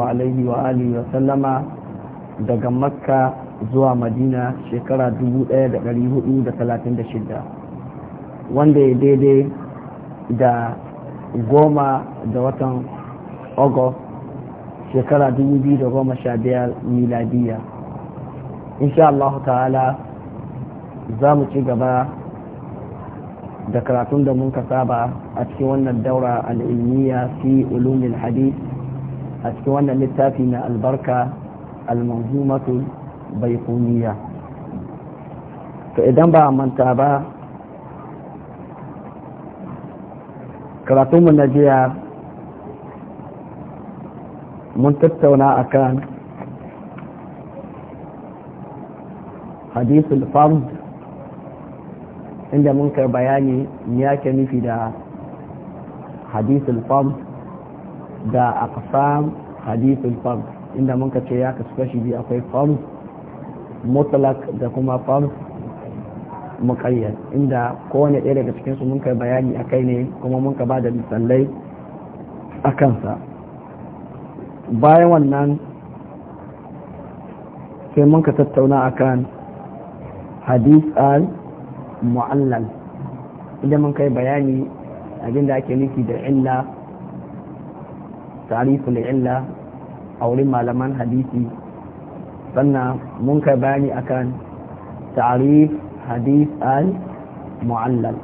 alaihi wa alihi wa sallama daga makka zuwa madina shekara 1436 wanda ya daidai da goma da watan august shekara 2015 miladiya insha Allah ta'ala za mu ci gaba da karatun da mun saba a cikin wannan daura al'ilmiya fi ulumin hadith أسكوانا لتاتنا البركة المنظومة البيقونية فإذا با من تابع كراتوم النجية منتبتونا أكان حديث الفرد عند منكر بياني نياكني في دا حديث الفرد da aqsam hadithul fard inda mun ce ya kasu kashi biyu akwai fam mutlaq da kuma fam muqayyad inda kowane ɗaya daga cikin su mun kai bayani akai ne kuma mun ka bada misalai akan sa bayan wannan sai mun ka tattauna akan hadith al mu'allal idan mun kai bayani abinda ake nufi da illa tariful illa a wurin malaman hadisi sannan mun kai bayani akan tarif hadis al mu'allal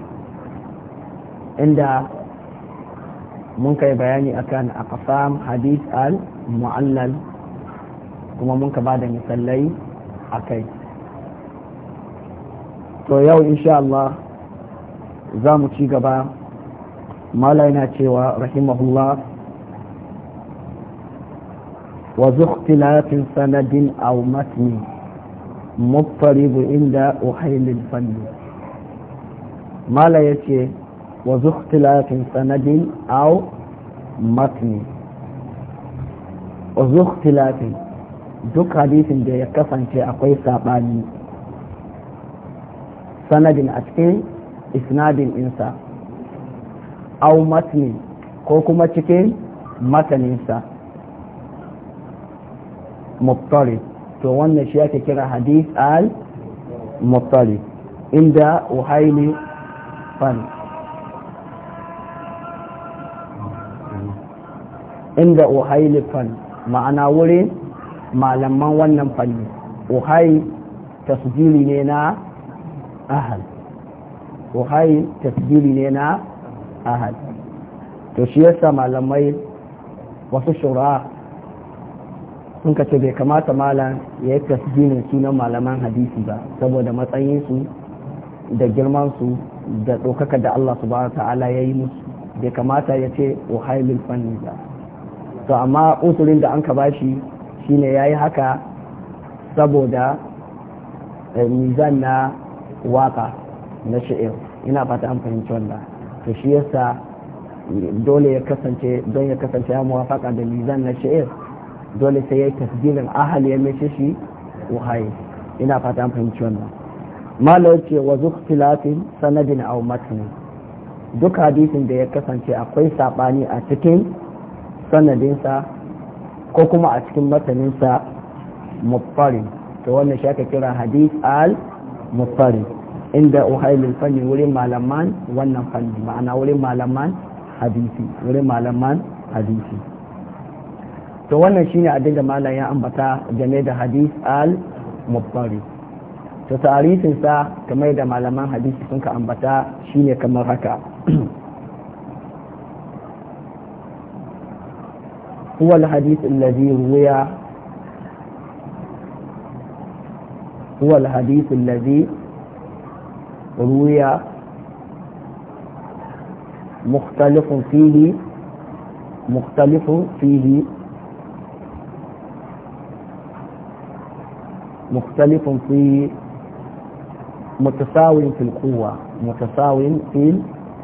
inda mun kai bayani akan aqsam hadis al mu'allal kuma mun ka bada misalai akai to yau insha Allah za mu ci gaba mala yana cewa rahimahullah وذو اختلاف سند أو متن مضطرب عند أحيل الفن ما لا يتي وذو اختلاف سند أو متن وذو اختلاف duk hadisin da ya kasance akwai saɓani sanadin a cikin isnadin insa au matni ko kuma cikin mataninsa muttalib to wannan shi ake kira hadith al muttalib inda uhaili fani inda uhaili fani ma'ana wurin malaman wannan fanni uhai tasbiri ne na ahal uhai tasjili ne na ahal to shi yasa malamai wasu shura sun ka ce bai kamata malam ya yi tasbinin sunan malaman hadisi ba saboda matsayinsu da girmansu da ɗaukaka da Allah su ba ta'ala ya yi musu bai kamata ya ce ohailin fanni ba to amma usulin da an ka bashi shine ya yi haka saboda eh, mizan na waka na sha'ir ina fata an fahimci wanda to shi yasa dole ya kasance don ya kasance ya muwafaka da mizan na shi'ir dole sai ya yi tasgirin ahal ya mace shi wahayi ina fata an fahimci wannan malar ce wa zuktilatin sanadin au matni duk hadisin da ya kasance akwai saɓani a cikin sanadinsa ko kuma a cikin mataninsa fari. to wannan shi aka kira hadis al mufari inda uhailul fanni wurin malaman wannan fanni ma'ana wurin malaman hadisi wurin malaman hadisi to wannan shine abin da malam ya ambata game da hadis al mubbari to tarihin sa kamar da malaman hadisi sun ka ambata shine kamar haka هو الحديث الذي روي هو الحديث الذي روي مختلف فيه مختلف فيه مختلف في متساو في القوة متساو في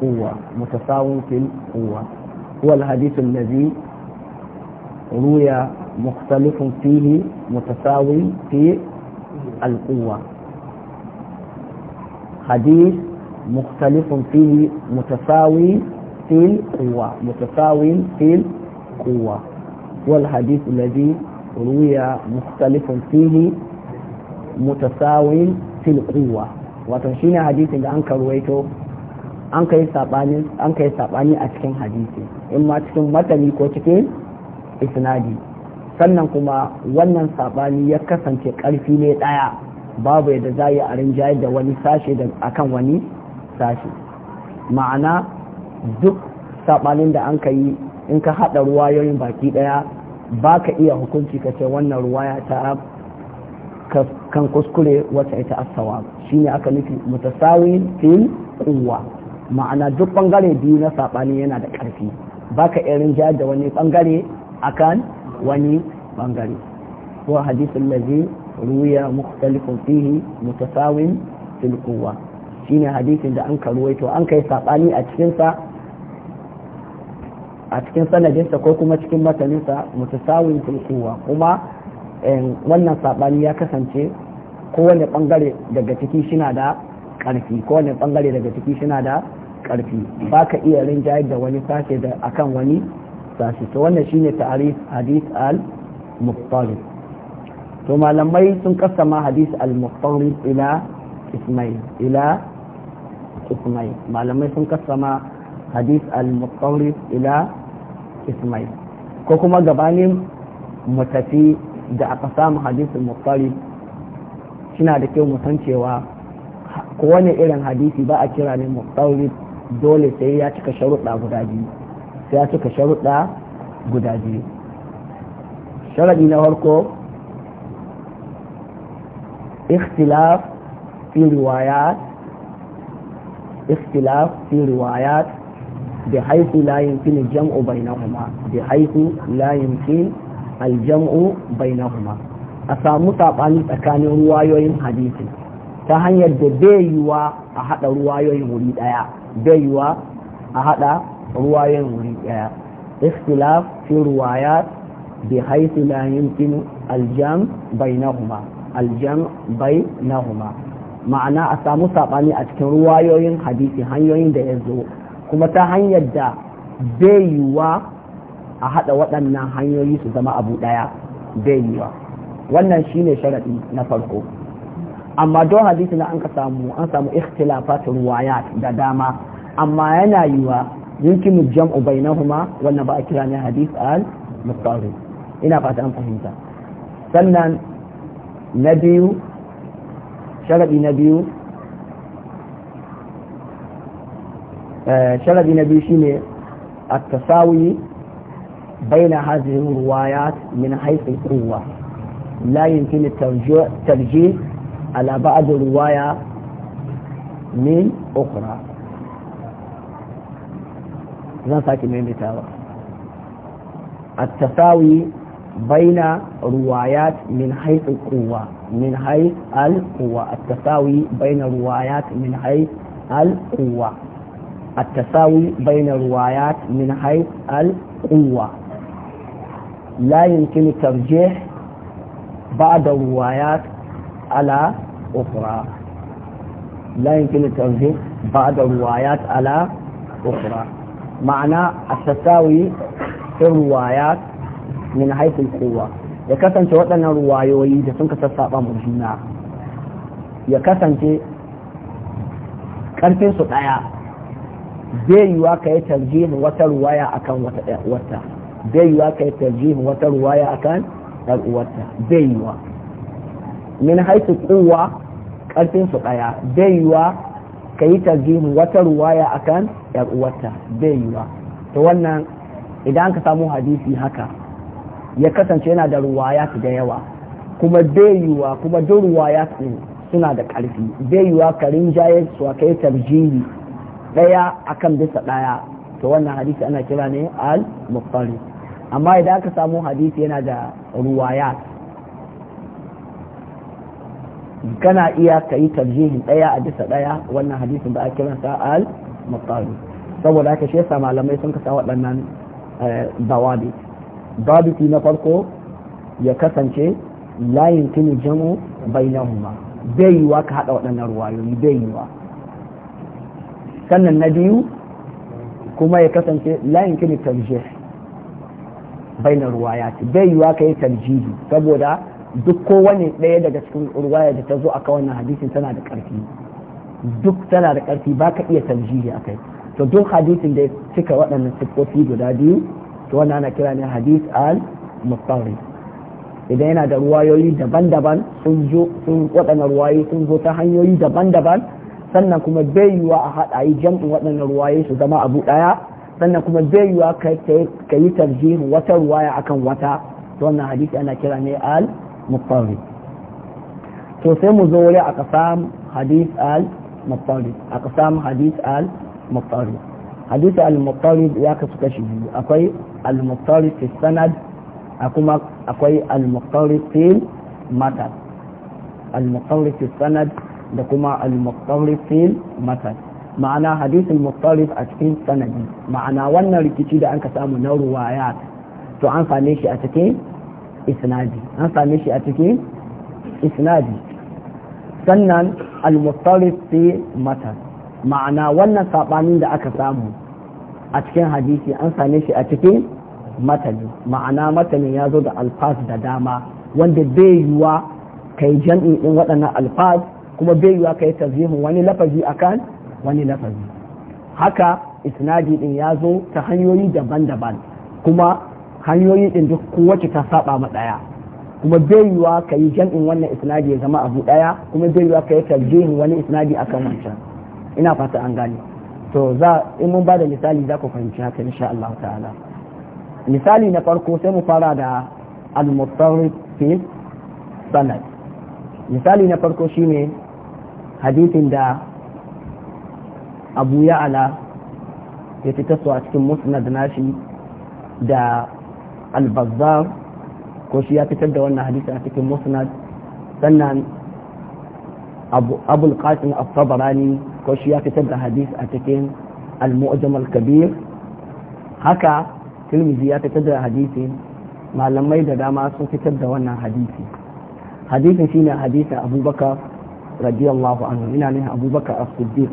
القوة متساو في القوة هو الحديث الذي روي مختلف فيه متساو في القوة حديث مختلف فيه متساوي في القوة متساوي في القوة والحديث الذي روي مختلف فيه mutasawin fil quwwa wato shine hadisin da an karwaito an kai sabani an kai sabani a cikin hadisi in ma cikin matani ko cikin isnadi sannan kuma wannan sabani ya kasance karfi ne ɗaya, babu yadda za a rinjaye da wani sashe da akan wani sashe ma'ana duk saɓanin da an ka yi in ka haɗa ruwayoyin baki ɗaya, ba iya hukunci ka ce wannan ruwaya ta kan kuskure wata ita asawa shine aka nufi mutasawi fil kuwa ma'ana duk bangare biyu na sabani yana da karfi baka irin ja da wani bangare akan wani bangare wa hadithul lazi ruya mukhtalifun fihi mutasawin fil shi shine hadisin da an karuwaito an kai sabani a cikin a cikin sanadinsa ko kuma cikin mataninsa mutasawin fil kuwa kuma wannan saɓani ya kasance kowane ɓangare daga ciki shina da ƙarfi kowane ɓangare daga ciki shina da ƙarfi ba ka iya rinjayar da wani sashe da akan wani sashe to wannan shine ta'arif hadith al muftarib to malamai sun kasama hadith al muftarib ila isma'i ila ismai malamai sun kasama hadith al muftarib ila isma'i ko kuma gabanin mu tafi da aka samu hadisin mukhari suna da kyau mu san cewa kowane irin hadisi ba a kira ne mukhari dole sai ya cika sharuɗa guda biyu sai ya cika sharuɗa guda biyu sharaɗi na farko اختلاف في روايات اختلاف في روايات بحيث لا jamu الجمع bi haythu la yumkin aljam'u bainahuma a samu saɓani tsakanin ruwayoyin hadisi ta hanyar da bai a haɗa ruwayoyin wuri ɗaya bai a haɗa ruwayoyin wuri ɗaya ikhtilaf fi ruwayat bi haythu la yumkin aljam bainahuma aljam bainahuma ma'ana a samu saɓani a cikin ruwayoyin hadisi hanyoyin da ya zo kuma ta hanyar da bai a haɗa waɗannan hanyoyi su zama abu ɗaya bai yiwa wannan shine sharaɗi na farko amma don hadisi na an ka samu an samu ikhtilafat waya da dama amma yana yiwa yumkinu jam'u bainahuma wannan ba a kira ne hadis al mustari ina fata an fahimta sannan na biyu sharadi na biyu eh, na biyu shine at بين هذه الروايات من حيث القوة لا يمكن الترجيح على بعض الرواية من أخرى التساوي بين روايات من حيث القوة من حيث القوة التساوي بين روايات من حيث القوة التساوي بين روايات من حيث القوة لا يمكن ترجيح بعض الروايات على أخرى لا يمكن التوجيه بعض الروايات على أخرى معنى التساوي في الروايات من حيث القوة ya kasance waɗannan ruwayoyi da sun ka sassaɓa mu juna ya kasance ƙarfinsu ɗaya zai yiwa kayi yi wata ruwaya akan wata bai yiwa kai tarjihin wata ruwaya akan ɗan uwarta bai yiwa min haisu kowa ƙarfin su ɗaya bai yiwa ka yi tarjihin wata ruwaya akan ɗan uwarta bai yiwa to wannan idan ka samu hadisi haka ya kasance yana da ruwaya da yawa kuma bai yiwa kuma duk ruwaya suna da ƙarfi bai yiwa ka rinjaye su a kai tarjihi ɗaya akan bisa ɗaya to wannan hadisi ana kira ne al-muqtarib amma idan aka samu hadisi yana da ruwaya kana iya ka yi tarjihin ɗaya a bisa ɗaya wannan hadisin a kiran kiransa al muqawi saboda haka shi yasa malamai sun kasa waɗannan bawabi eh, babiti na farko ya kasance layin tuni jamu bainahuma bai yiwa ka haɗa waɗannan ruwayoyi bai yiwa sannan na biyu kuma ya kasance layin kini tarjihin baina ruwayati bai yiwa kayi tarjihi saboda duk kowane ɗaya daga cikin ruwaya da ta zo a wannan hadisin tana da ƙarfi duk tana da ƙarfi ba ka iya tarjihi a kai to duk hadisin da ya cika waɗannan siffofi guda biyu to wannan ana kira ne hadis al mustawri idan yana da ruwayoyi daban-daban sun zo sun waɗannan ruwayoyi sun zo ta hanyoyi daban-daban sannan kuma bai yiwa a haɗa yi jam'in waɗannan ruwayoyi su zama abu ɗaya sannan kuma zai yiwa ka yi tarjihin wata ruwaya akan wata to wannan hadisi ana kira ne al muttari to sai mu zo wuri a kasam hadis al muttari a kasam hadis al muttari hadis al muttari ya kasu kashi biyu akwai al muttari fi sanad kuma akwai al muttari fi matan al muttari fi sanad da kuma al muttari fi matan ma'ana hadisin muftarif a cikin sanadi ma'ana wannan rikici da aka samu na ruwaya to an same shi a cikin isnadi an same shi a cikin isnadi sannan al-muftarif fi matan ma'ana wannan sabanin da aka samu a cikin hadisi an same shi a cikin matani ma'ana matalin ya zo da alfaz da dama wanda bai yiwa kai jam'i din waɗannan alfaz kuma bai yiwa kai tazihun wani lafazi akan wani lafazi haka isnadi din ya zo ta hanyoyi daban-daban kuma hanyoyi din duk kowace ta saba ma daya kuma bai yiwa ka yi jam'in wannan isnadi ya zama abu daya kuma bai yiwa ka yi tarjihin wani isnadi akan wancan ina fata an gane to za in mun ba da misali za ku fahimci haka insha Allah ta'ala misali na farko sai mu fara da al-mutarrif fi sanad misali na farko shine hadithin da abu ya ala ya fitar su a cikin musnad nashi da albazar ko shi ya fitar da wannan hadisi a cikin musnad sannan abul qasim as-sabrani ko shi ya fitar da hadisi a cikin al-mu'jam al-kabir haka tilmizi ya fitar da hadisi malamai da dama sun fitar da wannan hadisi hadisin shine hadisin abubakar radiyallahu anhu ina ne abubakar as-siddiq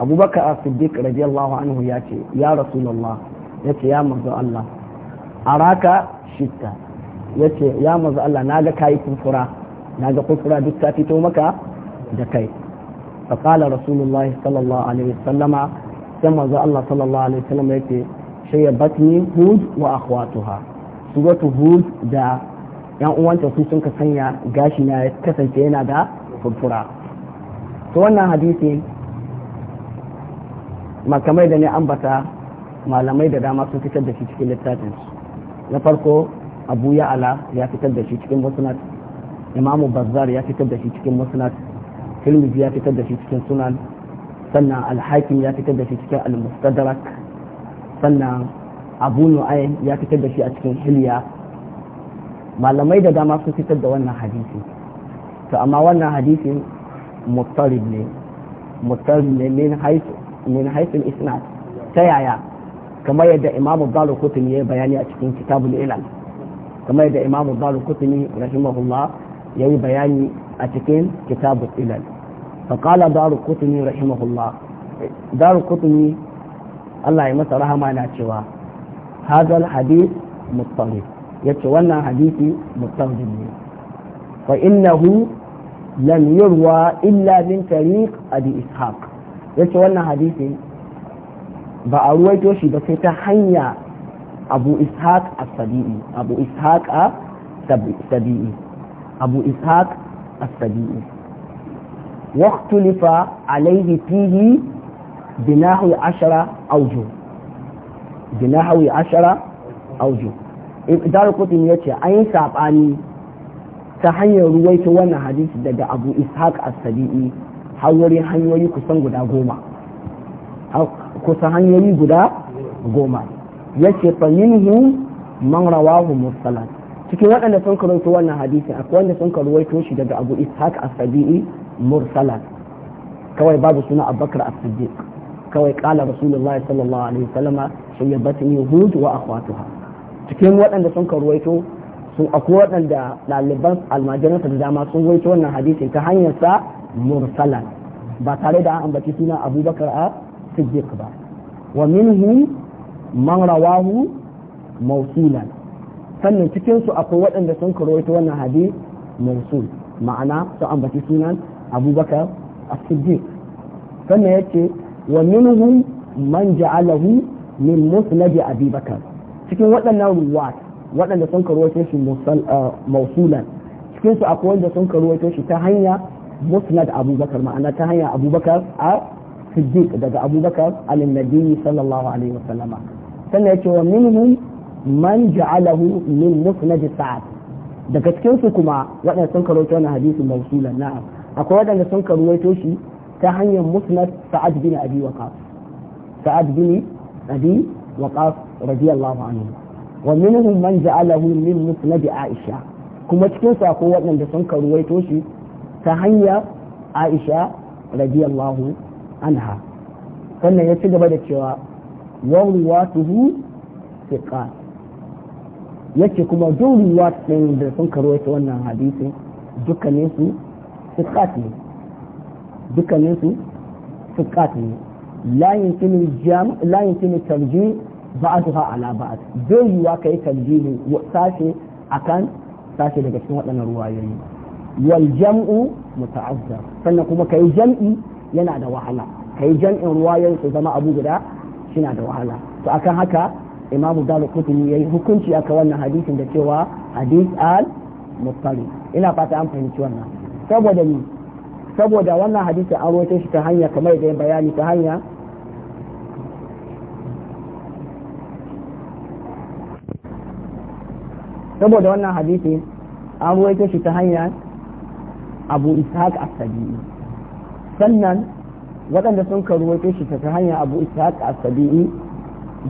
abubakar as-siddiq radiyallahu anhu ya ce ya rasulullah ya ce ya manzo Allah araka shitta ya ce ya manzo Allah naga kai kufura naga kufura duk ta fito maka da kai fa qala rasulullah sallallahu alaihi wasallama sai manzo Allah sallallahu alaihi wasallama yake shayyabatni wa akhwatuha suratu hud da yan uwanta su sun ka sanya gashi na kasance yana da furfura to wannan hadisi makamai da ne ambata malamai da dama sun fitar da shi cikin littafin na farko abu ya'ala ya fitar da shi cikin musnad imamu bazzar ya fitar da shi cikin musnad tirmidhi ya fitar da shi cikin sunan sannan alhakim ya fitar da shi cikin al-mustadrak sannan abu nu'ayn ya fitar da shi a cikin hilya malamai da dama sun fitar da wannan hadisi to amma wannan hadisin muttarib ne muttarib ne min haifin min haisu isnad ta yaya kamar yadda imamu dalu kutumi ya bayani a cikin kitabul ilal kamar yadda imamu dalu kutumi rahimahullah ya yi bayani a cikin kitabul ilal فقال دار القطني رحمه الله دار القطني الله masa rahama na cewa هذا الحديث ya ce wannan hadisi mutarjim ne fa innahu lam yurwa illa min tariq abi ishaq yace wannan hadisi ba a ruwaito shi ba sai hanya abu ishaq as-sabi'i abu ishaq as-sabi'i abu واختلف عليه فيه بنحو عشرة أوجه بنحو عشرة أوجه دار قطن أين سابعني ta hanyar ruwaito wannan hadisi daga abu ishaq as-sabi'i har wurin hanyoyi kusan guda goma kusan hanyoyi guda goma Ya ce minhu man rawahu mursalan cikin waɗanda sun karuwaito wannan hadisi akwai wanda sun karuwaito shi daga abu ishaq as-sabi'i mursalan kawai babu suna abubakar as-siddiq kawai kala rasulullah sallallahu alaihi wasallam sayyabatni hud wa akhwatuha cikin waɗanda sun karuwaito. su akwai waɗanda ɗaliban almajiransa da dama sun waito wannan hadisin ta hanyar sa mursalan ba tare da an ambaci suna abubakar a siddiq ba wa minhum man rawahu mawsulan sannan cikin su akwai waɗanda sun karoito wannan hadis mawsul ma'ana su ambaci sunan abubakar a siddiq sannan yace wa minhum man ja'alahu min musnad abubakar cikin waɗannan ruwat waɗanda sun karwato shi ah, mausulan cikin su akwai wanda sun karwato shi ta hanya musnad abubakar ma'ana ta hanya abubakar a siddiq daga abubakar alinnabi sallallahu alaihi wasallama sannan yace wa minhum man ja'alahu min musnad sa'ad daga cikin su kuma waɗanda sun karwato wannan hadisin mausulan na'am akwai waɗanda sun karwato shi ta hanyar musnad sa'ad bin abi waqas sa'ad bin abi waqas radiyallahu anhu wa minhum man ja'alahu min musnad Aisha kuma cikin su akwai waɗanda sun karuwaito shi ta hanya Aisha radiyallahu anha sannan ya ci gaba da cewa wa ruwatuhu thiqat yace kuma duk ruwat din da sun karuwaito wannan hadisi dukkanin su thiqat ne dukkanin su thiqat ne la yumkinu jam la yumkinu tarjih ba'atuha ala ba'at zai yiwa kai tanjihi sashe akan sashe daga cikin waɗannan ruwayoyi wal jam'u muta'azzar sannan kuma kai jam'i yana da wahala kai jam'in ruwayoyi su zama abu guda shina da wahala to akan haka imam dalu ya yayi hukunci aka wannan hadisin da cewa hadith al muttali ina fata an fahimci wannan saboda ni saboda wannan hadisi an rote shi ta hanya kamar da bayani ta hanya saboda wannan hadisi an ruwaito shi ta hanyar abu ishaq as-sabi'i sannan waɗanda sun ka ruwaito shi ta hanyar abu ishaq as-sabi'i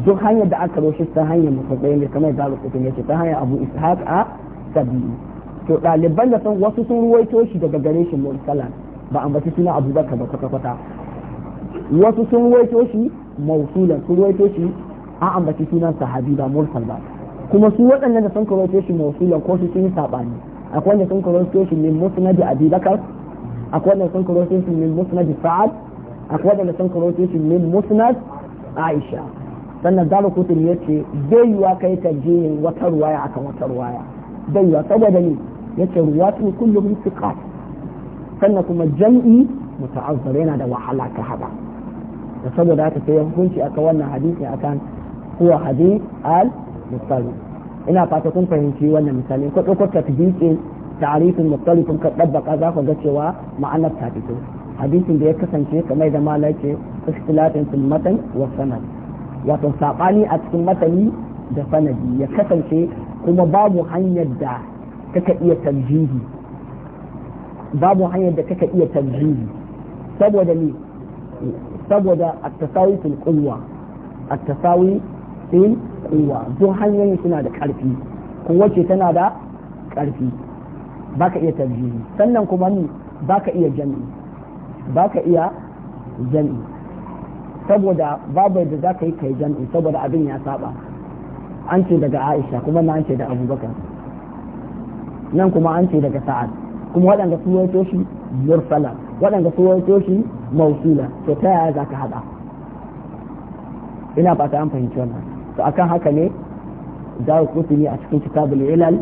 duk hanyar da aka roshe ta hanyar mutsayi ne kamar da rubutun ne ta hanyar abu ishaq as-sabi'i to ɗaliban da sun wasu sun ruwaito shi daga gare shi mursalan ba an ambaci suna abubakar ba kwata-kwata wasu sun ruwaito shi mausulan sun ruwaito shi an ambaci sunan sahabi ba mursal ba kuma su waɗannan da sun karoto shi mawsulan ko su sun yi saɓani akwai wanda sun karoto shi min musnad abi bakar akwai wanda sun karoto shi min musnad sa'ad akwai wanda sun karoto shi min musnad aisha sannan za mu kutu kutub yace zai yiwa kai tarjihin wata ruwaya kan wata ruwaya zai yiwa saboda ni yace ruwatu kulluhum thiqat sannan kuma jam'i muta'azzar yana da wahala ta hada da saboda haka sai hukunci akan wannan hadisi akan huwa hadith al misali ina fata kun fahimci wannan misali ko ɗauko tatbiqin ta'arifin misali kun ka dabbaka za ku ga cewa ma'anar ta fito hadisin da ya kasance kamar da mala ce ikhtilafin fil matan wa sanad wato sabani a cikin matani da sanadi ya kasance kuma babu hanyar da kaka iya tarjihi babu hanyar da kaka iya tarjihi saboda ne saboda at-tasawi fil qulwa at-tasawi sai kuwa duk hanyoyin suna da ƙarfi kowace tana da ƙarfi ba ka iya tarjihi sannan kuma ni ba ka iya jami'i ba ka iya jami'i saboda babu da za ka yi kai jami'i saboda abin ya saba an ce daga aisha kuma na an ce da abubakar nan kuma an ce daga sa'ad kuma waɗanda su yi toshi mursala waɗanda su yi toshi mausula to ta yaya za ka haɗa ina ba ta an fahimci wannan to akan haka ne dawo kutuni a cikin kitabul ilal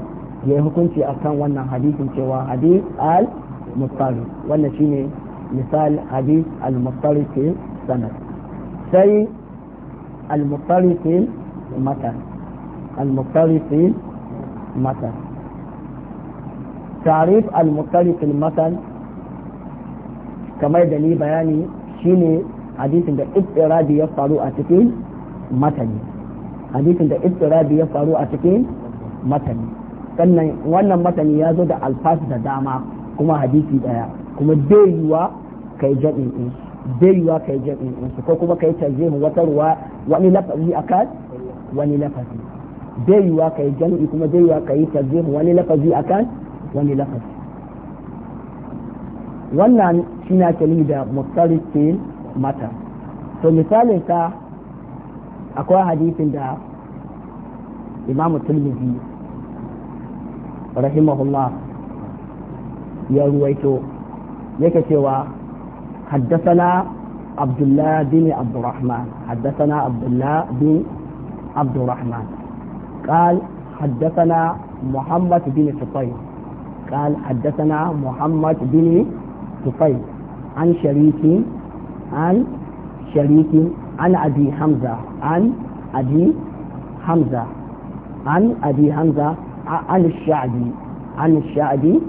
ya yi hukunci akan wannan hadisin cewa hadis al mustari wannan shine misal hadis al mustari ke sanad sai al mustari ke mata al mustari ke matan tarif al mustari ke mata kamar da ni bayani shine hadisin da ibtirabi ya faru a cikin matani hadisin da istirabi ya faru a cikin matani sannan wannan matani ya zo da alfasu da dama kuma hadisi daya kuma bai yiwa kai jami'in din bai yiwa kai jami'in din ko kuma kai tarjihin wata ruwa wani lafazi akan wani lafazi bai yiwa kai jami'i kuma bai yiwa kai tarjihin wani lafazi akan wani lafazi wannan shi na kalli da mustarifin mata to misalin ka akwai hadisin da imam turmizi rahimahullah ya ruwaito yake cewa haddasana abdullah bin abdurrahman haddasana abdullah bin abdurrahman قال حدثنا محمد بن طفيل قال حدثنا محمد بن عن شريك عن شريك عن أبي حمزة عن أبي حمزة عن أبي حمزة عن الشعبي عن الشعبي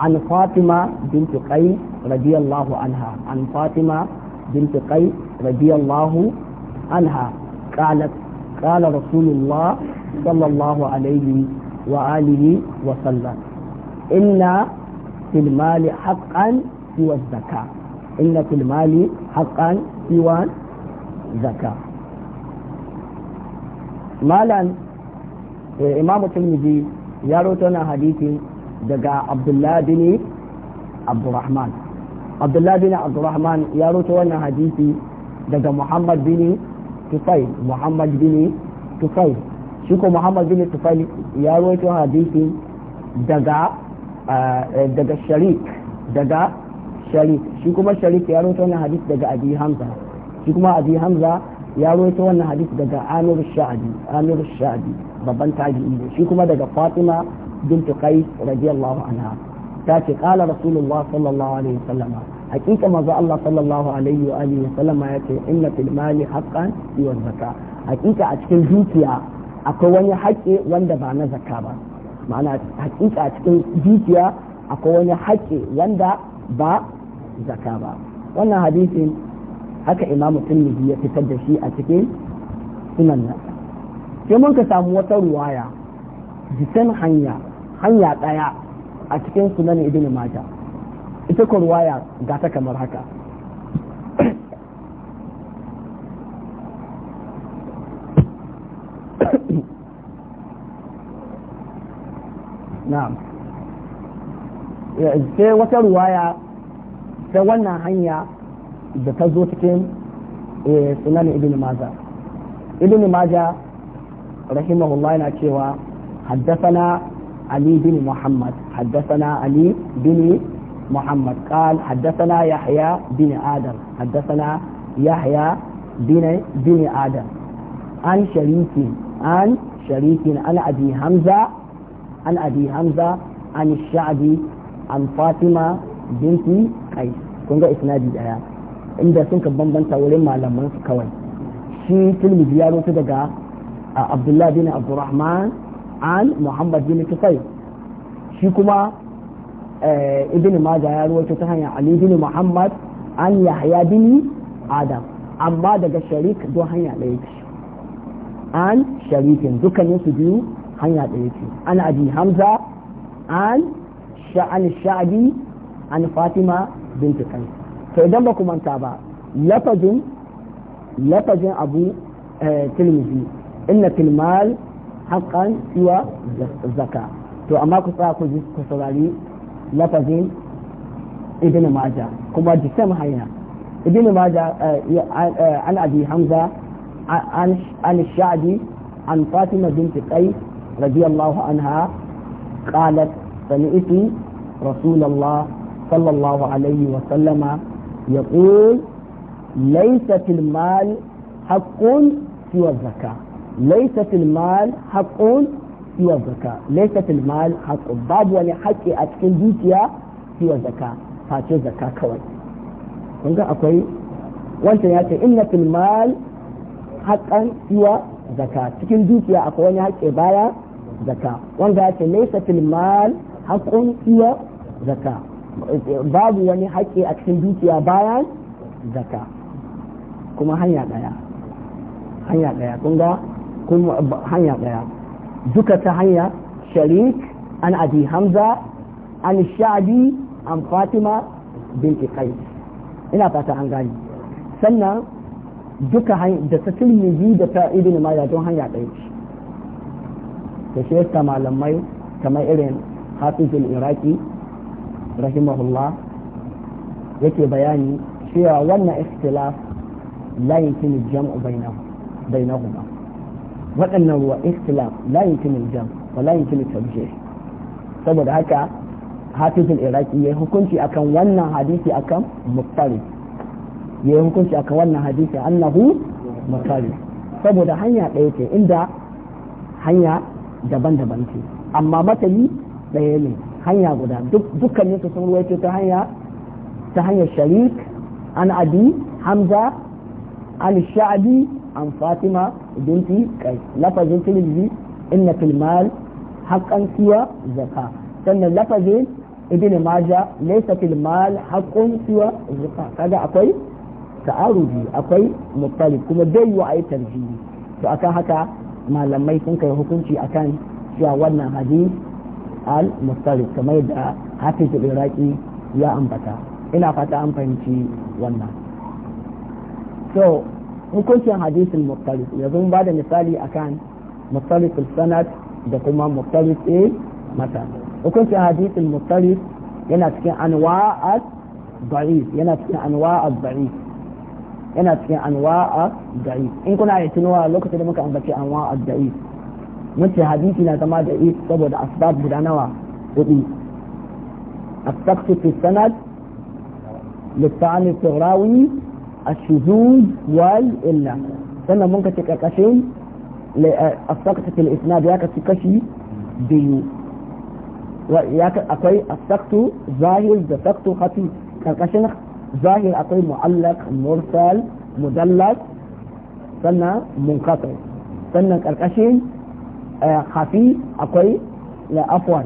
عن فاطمة بنت قيس رضي الله عنها عن فاطمة بنت قيس رضي الله عنها قالت قال رسول الله صلى الله عليه وآله وسلم إن في المال حقا سوى الزكاة inna fil mali haqqan iwan zaka malan imam tirmidhi ya rawaito na hadisi daga abdullahi bin abdurrahman abdullahi bin abdurrahman ya rawaito wannan hadisi daga muhammad bin tufai muhammad bin tufai shi ko muhammad bin tufai ya rawaito hadisi daga daga sharik daga sharik shi ya rawaito wannan hadith daga abi hamza ya rawaito wannan hadith daga amir sha'abi amir sha'abi babban tabi'i shi kuma daga fatima bint qais radiyallahu anha ta ce qala rasulullah sallallahu alaihi wasallam hakika manzo Allah sallallahu alaihi wa alihi ya ce inna fil mali haqqan wa zakka hakika a cikin dukiya akwai wani haƙƙi wanda ba na zakka ba ma'ana hakika a cikin dukiya akwai wani wanda ba zaka ba wannan hadisi haka imamu tirmidhi ya fitar da shi a cikin sunan nan. sai mun ka samu wata ruwaya jisan hanya hanya daya a cikin sunan ibn majah ita ko ruwaya ga ta kamar haka na'am sai wata ruwaya ta wannan hanya da ta zo cikin sunan ibn maza ibn maja rahimahullah yana cewa حدثنا علي بن محمد حدثنا علي بن محمد قال حدثنا يحيى بن آدم حدثنا يحيى بن بن آدم عن شريك عن شريك عن أبي حمزة عن أبي حمزة عن الشعبي عن فاطمة binti kai kun ga isnadi daya inda sun ka bambanta wurin malaman su kawai shi tilmidi ya rotu daga abdullahi bin abdurrahman an muhammad bin tufai shi kuma eh, ibn maja ya rotu ta hanyar ali bin muhammad an yahya bin adam amma daga sharik do hanya da ce an sharikin dukkanin su biyu hanya da ce an abi hamza an sha'an sha'abi an fatima binti kai to idan ba ku manta ba lafazin lafazin abu tilmizi inna tilmal haqqan siwa zaka to amma ku tsaya ku ku saurari lafazin ibn maja kuma da sam hanya ibn maja an abi hamza an shadi an fatima binti kai radiyallahu anha qalat sami'tu rasulullah صلى الله عليه وسلم يقول ليس في المال حق سوى الزكاة ليس في المال حق سوى الزكاة ليس في المال حق باب وني حق أتكن سوى الزكاة فاتو كوي akwai wancan ya ce inna fil mal haqqan siwa zaka cikin dukiya akwai wani haƙƙi baya zaka wanda ya ce laysa fil mal siwa zaka babu wani haƙƙi a cikin dukiya bayan zaka kuma hanya ɗaya hanya ɗaya kun ga kuma hanya ɗaya duka ta hanya sharik an abi hamza an Shaadi, an fatima bin qais ina fata an gani sannan duka da ta tirmidhi da ta ibn majah don hanya ɗaya ce da shi malamai kamar irin hafizul iraki rahimahullah yake bayani cewa wannan ikhtilaf la yumkinu jam'u bainahuma waɗannan ruwa ikhtilaf layin yumkinu jam wa layin yumkinu tarjih saboda haka hafizul iraki ya hukunci akan wannan hadisi akan muqtari ya hukunci akan wannan hadisi annahu muqtari saboda hanya ɗaya ce inda hanya daban-daban ce amma matali ɗaya ne hanya guda dukkanin su sun ruwaito ta hanya ta hanyar sharik an abi hamza an sha'abi an fatima binti kai lafazin tilibzi inna fil mal haqqan siwa zaka sannan lafazin ibn maja laysa fil mal haqqun siwa zaka kaga akwai ta'arudi akwai mutalib kuma dai wa ayi tarjihi to akan haka malamai sun kai hukunci akan cewa wannan hadisi al mustalif kamar da hafiz iraki ya ambata ina fata an fahimci wannan so hukuncin hadisin ya yanzu ba da misali akan mustalif sanad da kuma mustalif a mata hukuncin hadisin mustalif yana cikin anwa as daif yana cikin anwa as daif yana cikin anwa as daif in kuna yi tunawa lokacin da muka ambace anwa as daif mun ce hadisi na zama da is saboda asbab guda nawa hudu السقط في السند للطعن في الراوي الشذوذ والإلا sannan mun kace karkashin asakta fil isnad ya kasu kashi biyu akwai asaktu zahir da saktu hafi karkashin zahir akwai mu'allaq mursal mudallas sannan munqati sannan karkashin Eh, hafi akwai afwan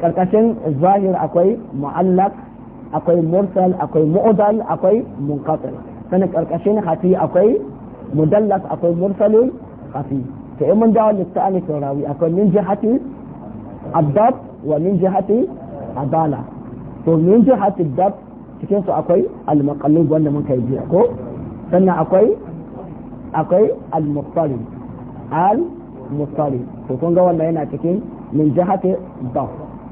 karkashin zahir akwai mu'allaq akwai mursal akwai mu'dal akwai munqati sannan karkashin hafi akwai mudallas akwai mursalin hafi to in mun dawo litta'ani rawi akwai min jihati adab wa min jihati adala to min jihati adab cikin su akwai al-maqallid wanda mun yi jiya ko sannan akwai akwai al-muqtarid al mustari ko kun ga wannan yana cikin min jihati ba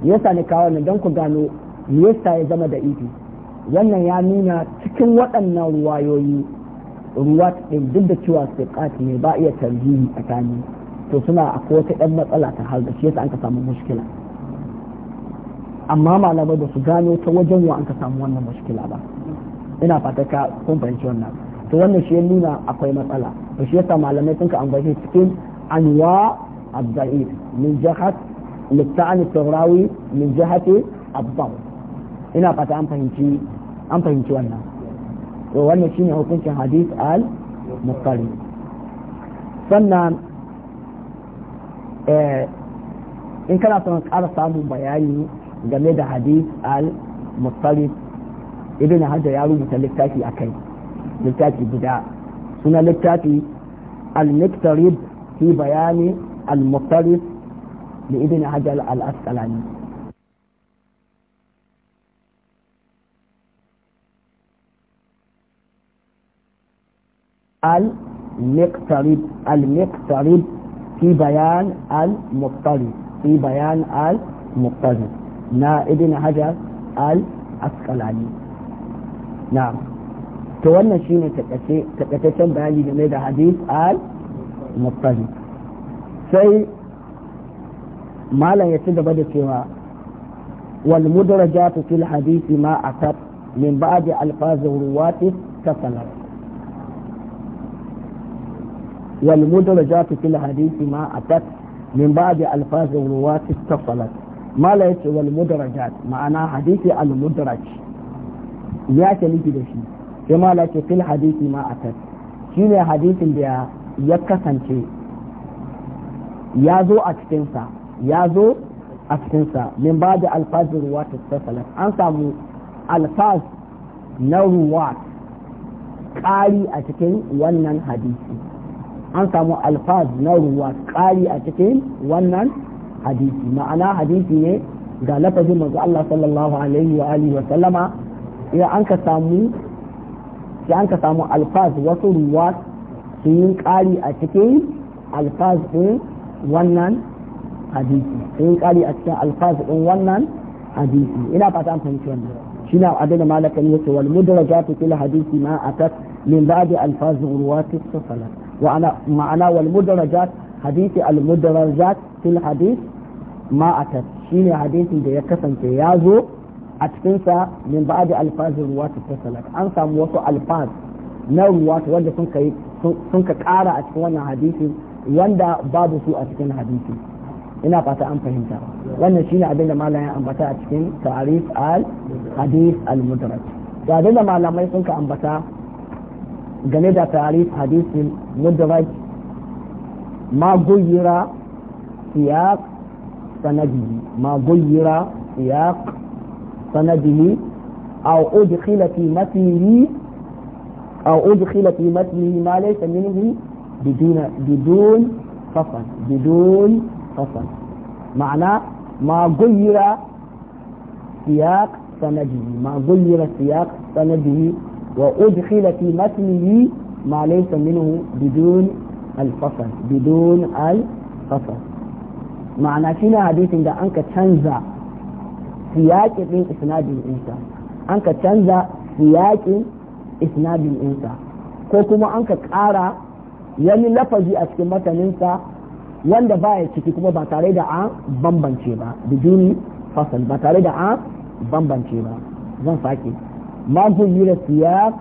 yasa ne kawo ne don ku gano me yasa ya zama da ifi wannan ya nuna cikin waɗannan ruwayoyi ruwa ɗin duk da cewa siqat ne ba iya tarjihi tani to suna akwai wata ɗan matsala ta har da shi yasa an ka samu mushkila amma malamai ba su gano ta wajen wa an ka samu wannan mushkila ba ina fata ka kun fahimci wannan to wannan shi ya nuna akwai matsala to shi yasa malamai sun ka ambaci cikin أنواع الضعيف من جهة للتعن الصغراوي من جهة الضعف ina fahimci an wannan to wannan shine hukuncin al muqarrib sannan in kana son ƙara samun bayani game da hadith al muqarrib ibn hajar ya rubuta littafi akai littafi guda suna littafi al في بيان المطلب لابن عجل الأسقلاني المقترب المقترب في بيان المطلب في بيان المطلب نا ابن حجر الأسقلاني نعم to wannan shine takaitaccen bayani game da hadith al mustahil sai malam ya ci gaba da cewa wal mudrajatu fil hadisi ma atat min ba'di alfazi ruwati tasalat wal mudrajatu fil hadisi ma atat min ba'di alfazi ruwati tasalat malam ya ce wal mudrajat ma'ana hadisi al mudraj ya ke nufi da shi sai malam ya ce fil hadisi ma atat shine hadisin da ya kasance ya zo a cikinsa ya zo a cikinsa min ba da alfazin ruwa ta an samu alfaz na ruwa ƙari a cikin wannan hadisi an samu alfaz na ruwa ƙari a cikin wannan hadisi ma'ana hadisi ne ga lafazin manzo Allah sallallahu alaihi wa alihi wa sallama idan an ka samu sai an ka samu alfaz wasu ruwa su yi ƙari a cikin alfaz ɗin wannan hadisi su yi ƙari a cikin alfaz ɗin wannan hadisi ina fata an fahimci wannan shi na abin da malakan yake wal ta fil hadisi ma a atat min ba ba'di alfaz ruwati sufala wa ana ma'ana wal mudrajat hadisi al mudrajat fil hadis ma a atat shine hadisin da ya kasance ya zo a cikinsa min ba ba'di alfaz ta sufala an samu wasu alfaz na ruwata wanda sun kai sun ka kara a cikin wannan hadisi wanda babu su a cikin hadisi ina fata an fahimta wannan shine abin da malamai ambata a cikin tarif al hadith al mudraj da abin da malamai sun ka ambata game da tarif hadith al mudraj ma guyira siyaq sanadi ma guyira siyaq sanadi aw udkhila fi matihi أو أدخل في متنه ما ليس منه بدون بدون فصل بدون فصل معناه ما غير سياق سنده ما غير سياق سنده وأدخل في متنه ما ليس منه بدون الفصل بدون الفصل معنى شنو حديث إذا أنك تنزع سياق من إسناد الإنسان أنك تنزع سياق isnadin insa ko kuma an ka ƙara wani lafazi a cikin mataninsa wanda ba ya ciki kuma ba tare da an bambance ba bijuni fasal ba tare da an bambance ba zan sake ma gulmira siyak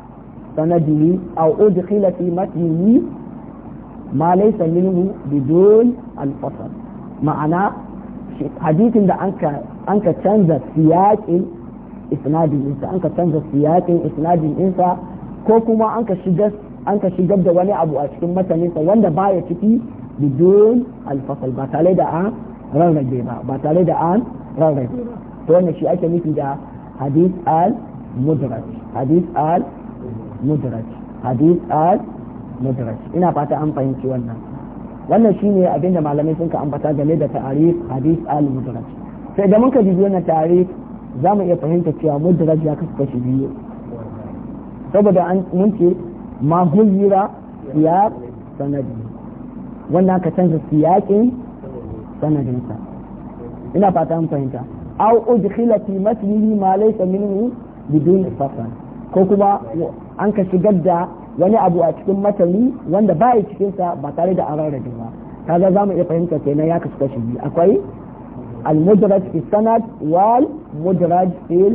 sanadihi aw udkhila fi matnihi ma laysa minhu bidun al-fasl ma'ana hadisin da an ka canza siyakin isnadin an ka canza siyakin isnadin insa ko kuma an ka shigar an ka shigar da wani abu a cikin masaninsa wanda baya ciki bidon alfasal ba tare da an rarrage ba ba tare da an rarrage to wannan shi ake nufi da hadith al mudraj hadith al mudraj hadith al mudraj ina fata an fahimci wannan wannan shine abinda malamai sun ka ambata game da ta'arif hadith al mudraj sai da muka ji wannan ta'arif za mu iya fahimta cewa mudraj ya kasu shi biyu saboda an mun ce ma hujira ya sanadi wannan ka canza siyaƙin sanadinsa ina fata mun fahimta aw udkhila fi matnihi ma laysa minhu bidun fasan ko kuma an ka shigar da wani abu a cikin matani wanda ba ya cikin sa ba tare da arar rage ba kaga za mu iya fahimta kenan ya kasu kashi biyu akwai al-mudraj fi sanad wal mudraj fi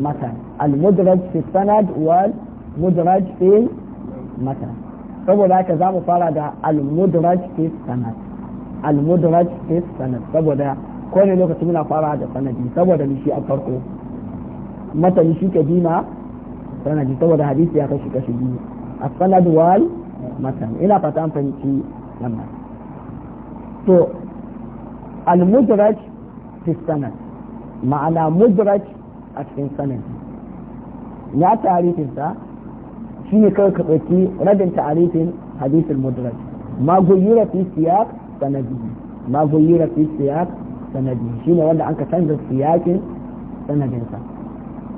matan al-mudraj fi sanad wal mudraj fil mata saboda haka za mu fara da al-mudraj fil sanad al-mudraj fil sanad saboda kowane lokaci muna fara da sanadi saboda ni shi a farko matani shi ke dima sanadi saboda hadisi ya kashi kashi biyu a sanad wal matan ina fata an fahimci wannan to al-mudraj fil sanad ma'ana mudraj a cikin sanadi ya tarifinsa shine kawai ka ɗauki rabin ta'arifin hadisul mudraj ma ghayyira fi siyaq sanadi ma ghayyira fi siyaq sanadi shine wanda an ka canza siyaqin sanadinsa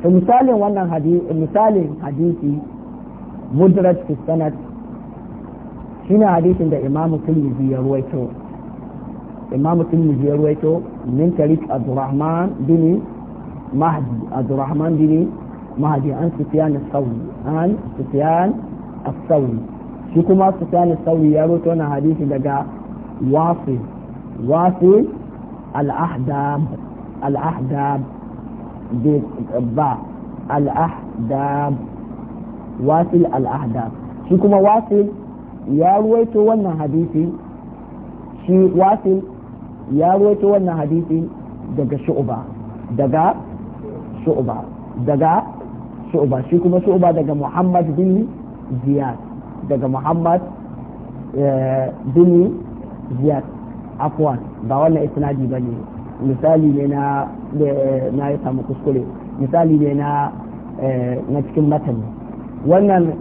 to misalin wannan hadisi misalin hadisi mudraj fi sanad shine hadisin da imamu tirmidhi ya ruwaito imamu tirmidhi ya ruwaito min tariq abdurrahman bin mahdi abdurrahman bin mahadi an sufiyan sauri an sufiyan sauri shi kuma sufiyan sauri ya roto na hadisi daga wasu wasu al'ahdab al'ahdab ba al'ahdab wasil al'ahdab shi kuma wasil ya ruwaito wannan hadisi shi wasil ya ruwaito wannan hadisi daga shu'uba daga shu'uba daga shu'ba shi kuma shu'ba daga muhammad bin ziyad daga muhammad bin ziyad afwan ba wannan isnadi ba ne misali ne na na ya samu kuskure misali ne na na cikin matan wannan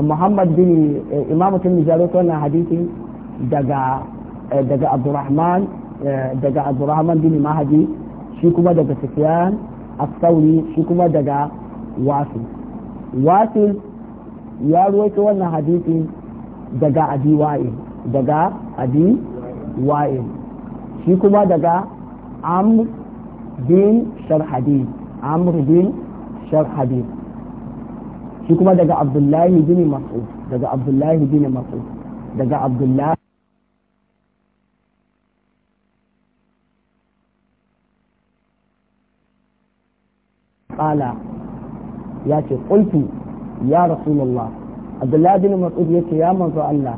muhammad bin imamu tun mijaro wannan hadisi daga daga abdurrahman daga abdurrahman bin mahadi shi kuma daga sufyan as-sauri shi kuma daga wasil wasil ya ruwaito wannan hadisi daga abi wa'il daga abi wa'il shi kuma daga amr bin sharhadi amr bin sharhadi shi kuma daga abdullahi bin mas'ud daga abdullahi bin mas'ud daga abdullahi قال ya ce qultu ya rasulullah abdullahi bin mas'ud ya ce ya manzo Allah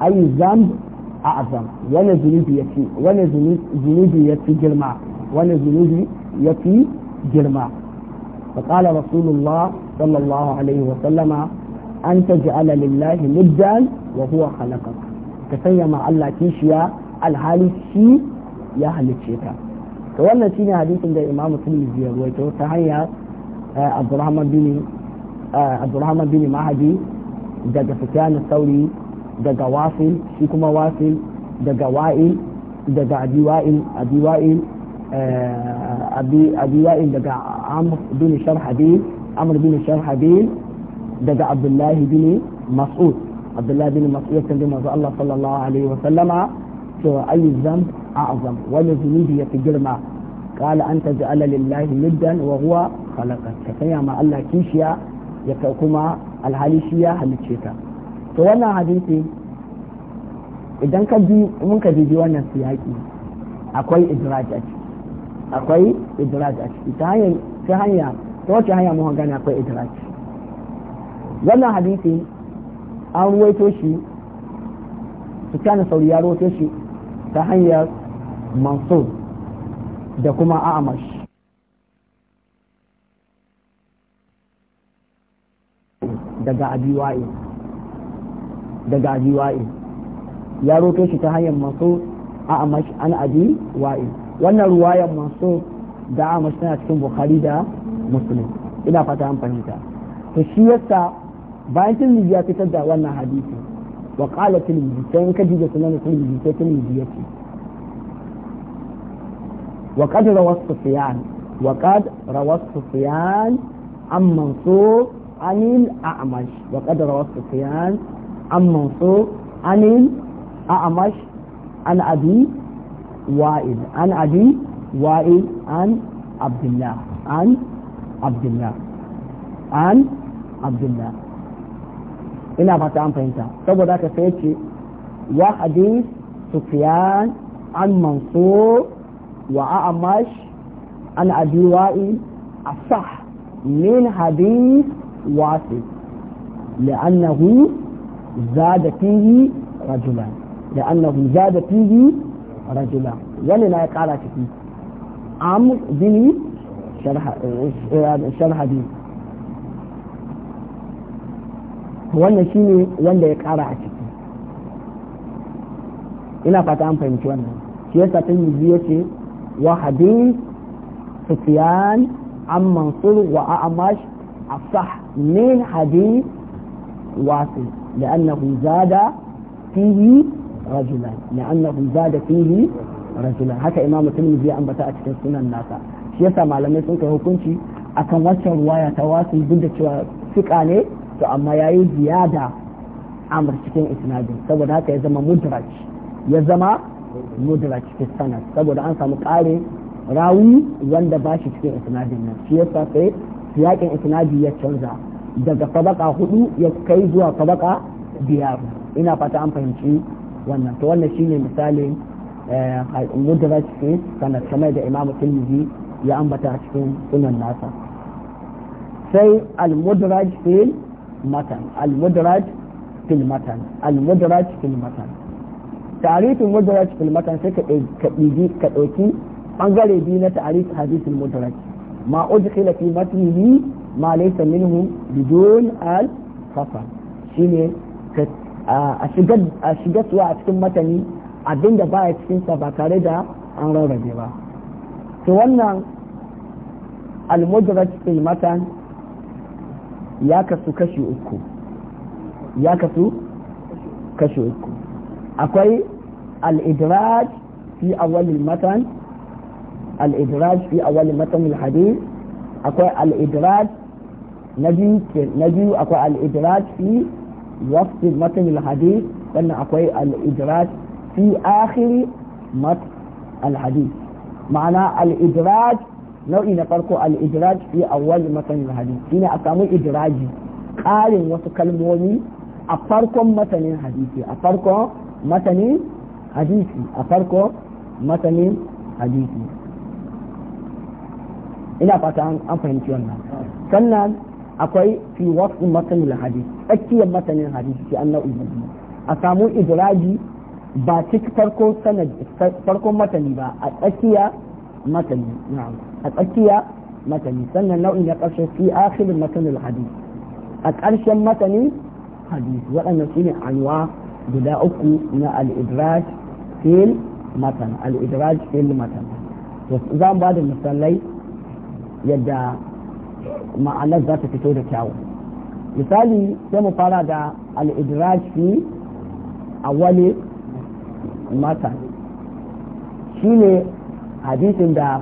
ayi a a'zam wani zunubi ya fi wani zunubi ya fi girma wani zunubi ya fi girma فقال رسول الله صلى الله عليه وسلم أن تجعل لله ندا وهو خلقك كسيما الله كيشيا الحالي شي يا هلتشيكا فوالا شيني حديث عند إمام مسلم الزيار ويتو abdurrahman bin abdurrahman mahadi daga sufyan sauri daga wasil shi kuma wasil daga wa'il daga abi wa'il abi daga amr bin sharhabil amr bin sharhabil daga abdullahi bin mas'ud abdullahi bin mas'ud kan da manzo Allah sallallahu alaihi wa sallama cewa ayyu zamb a'zam wani zunubi ya fi girma qala an taj'ala lillahi niddan wa huwa khalaqak ka sanya ma Allah kishiya ya kai kuma alhali ya halicce to wannan hadisi idan ka bi mun ka bi wannan siyaki akwai idraj akwai idraj a ciki hanya mun akwai wannan an ruwaito shi Sufyan Sauri ya ta hanyar Mansur da kuma a'amash daga abiwa'i daga abiwa'i ya roto shi ta hanyar masu a'amash an abi wa'i wannan ruwayan masu da a'amash tana cikin bukhari da muslim ina fata an fahimta to shi yasa bayan tun ya fitar da wannan hadisi wa qala tilmiji sai in ka jige sunan tilmiji sai tilmiji yace وقد روى السفيان وقد روى السفيان عن منصور عن الأعمش وقد روى السفيان عن منصور عن الأعمش عن أبي وائل عن أبي وائل عن عبد الله عن عبد الله عن عبد الله ina fata an fahimta saboda haka sai ce wa hadith sufyan وأعمش عن أبي وائل أصح من حديث واثق لأنه زاد فيه رجلا لأنه زاد فيه رجلا ولنا قال فيه عمرو بن شرح شرح دي wannan ne wanda ya kara a ciki ina fata an fahimci wannan shi yasa tun ya ce وحديث سفيان عن منصور وأعمش أصح من حديث واصل لأنه زاد فيه رجلا لأنه زاد فيه رجلا حتى إمام الترمذي أن بتاع كتاب سنن ناسا شيء سمع لم يسمع حكمتي akan wancan ruwaya ta wasu duk da cewa fika ne to amma ya yi ziyada amur cikin isnadin saboda haka mudra cikin sana saboda an samu ƙarin rawi wanda ba shi cikin isnadin nan shi yasa sai siyakin isnadi ya canza daga tabaka hudu ya kai zuwa tabaka biyar ina fata an fahimci wannan to wannan shine misalin eh, mudra cikin sana kamar da imamu tilmizi ya ambata a cikin sunan nasa sai al-mudraj fil matan al-mudraj fil matan al-mudraj fil matan tarihin mudraj fil matan sai ka ɗigi ka ɗauki bangare biyu na tarihin hadisin mudraj ma kila fi matnihi ma laysa minhu bidun al fasal shine a shigar a a cikin matani abinda baya cikin sa ba tare da an rarrabe ba to wannan al mudraj fil matan ya kasu kashi uku ya kasu kashi uku akwai الإدراج في أول المتن الإدراج في أول المتن الحديث أكو الإدراج نجي نجي أكو الإدراج في وقت المتن الحديث وأن أكو الإدراج في آخر متن الحديث معنى الإدراج نوعي نقرأ الإدراج في أول متن الحديث هنا أكامو إدراجي قال وسكلموني أفرقوا متن الحديث أفرقوا متن الحديث hadisi a farko masanin hadisi ina fata an fahimci wannan sannan akwai fi wasu masanin hadisi tsakiyar masanin hadisi ke annabi a samu idraji ba cik farko sanad farkon matani ba a tsakiya matani a tsakiya matani sannan nau'in na karshe fi akhirin matanin hadisi a ƙarshen matanin hadisi waɗannan su ne anwa guda uku na al-idraj ilmatan al-idraj ilmatan za mu bada misalai yadda ma'anar za ta fito da kyawu misali sai mu fara da al-idraj fi awwali matan shine hadisin da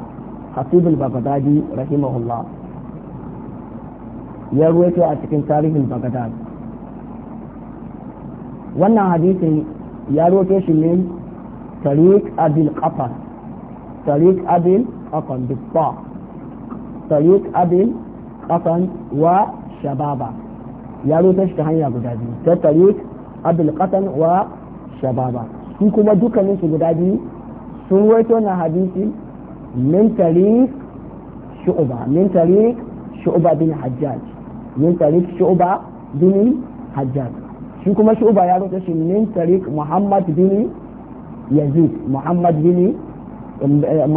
Hasib al-Baghdadi rahimahullah ya ruwaito a cikin tarihin Baghdad wannan hadisin ya roke shi ne طريق أبي القطن طريق أبي القطن بالطاء طريق أبي القطن وشبابا ya rutar ta hanya guda biyu ta tariq abul qatan wa shababa shi kuma dukkanin guda biyu sun waito na hadisi min tariq shu'ba bin hajjaj min tariq ya rutar shi muhammad bin يزيد محمد بن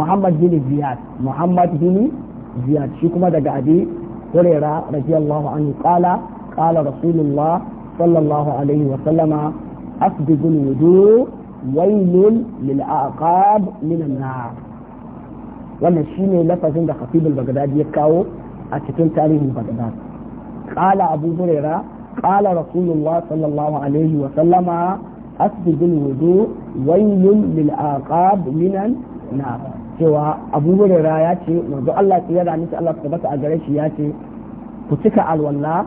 محمد بن زياد محمد بن زياد شي كما daga abi hurairah radiyallahu anhu qala qala rasulullah sallallahu alaihi wa sallama afdhul wudu waylun lil aqab min an-nar wannan shine lafazin da khatib al-baghdadi ya kawo a cikin tarihin baghdad qala abu hurairah qala rasulullah sallallahu alaihi wa sallama asbid wudu wailun lil aqab minan na cewa Abu Hurairah ya ce manzo Allah ya da ni Allah tabbata a gare shi ya ce ku cika alwala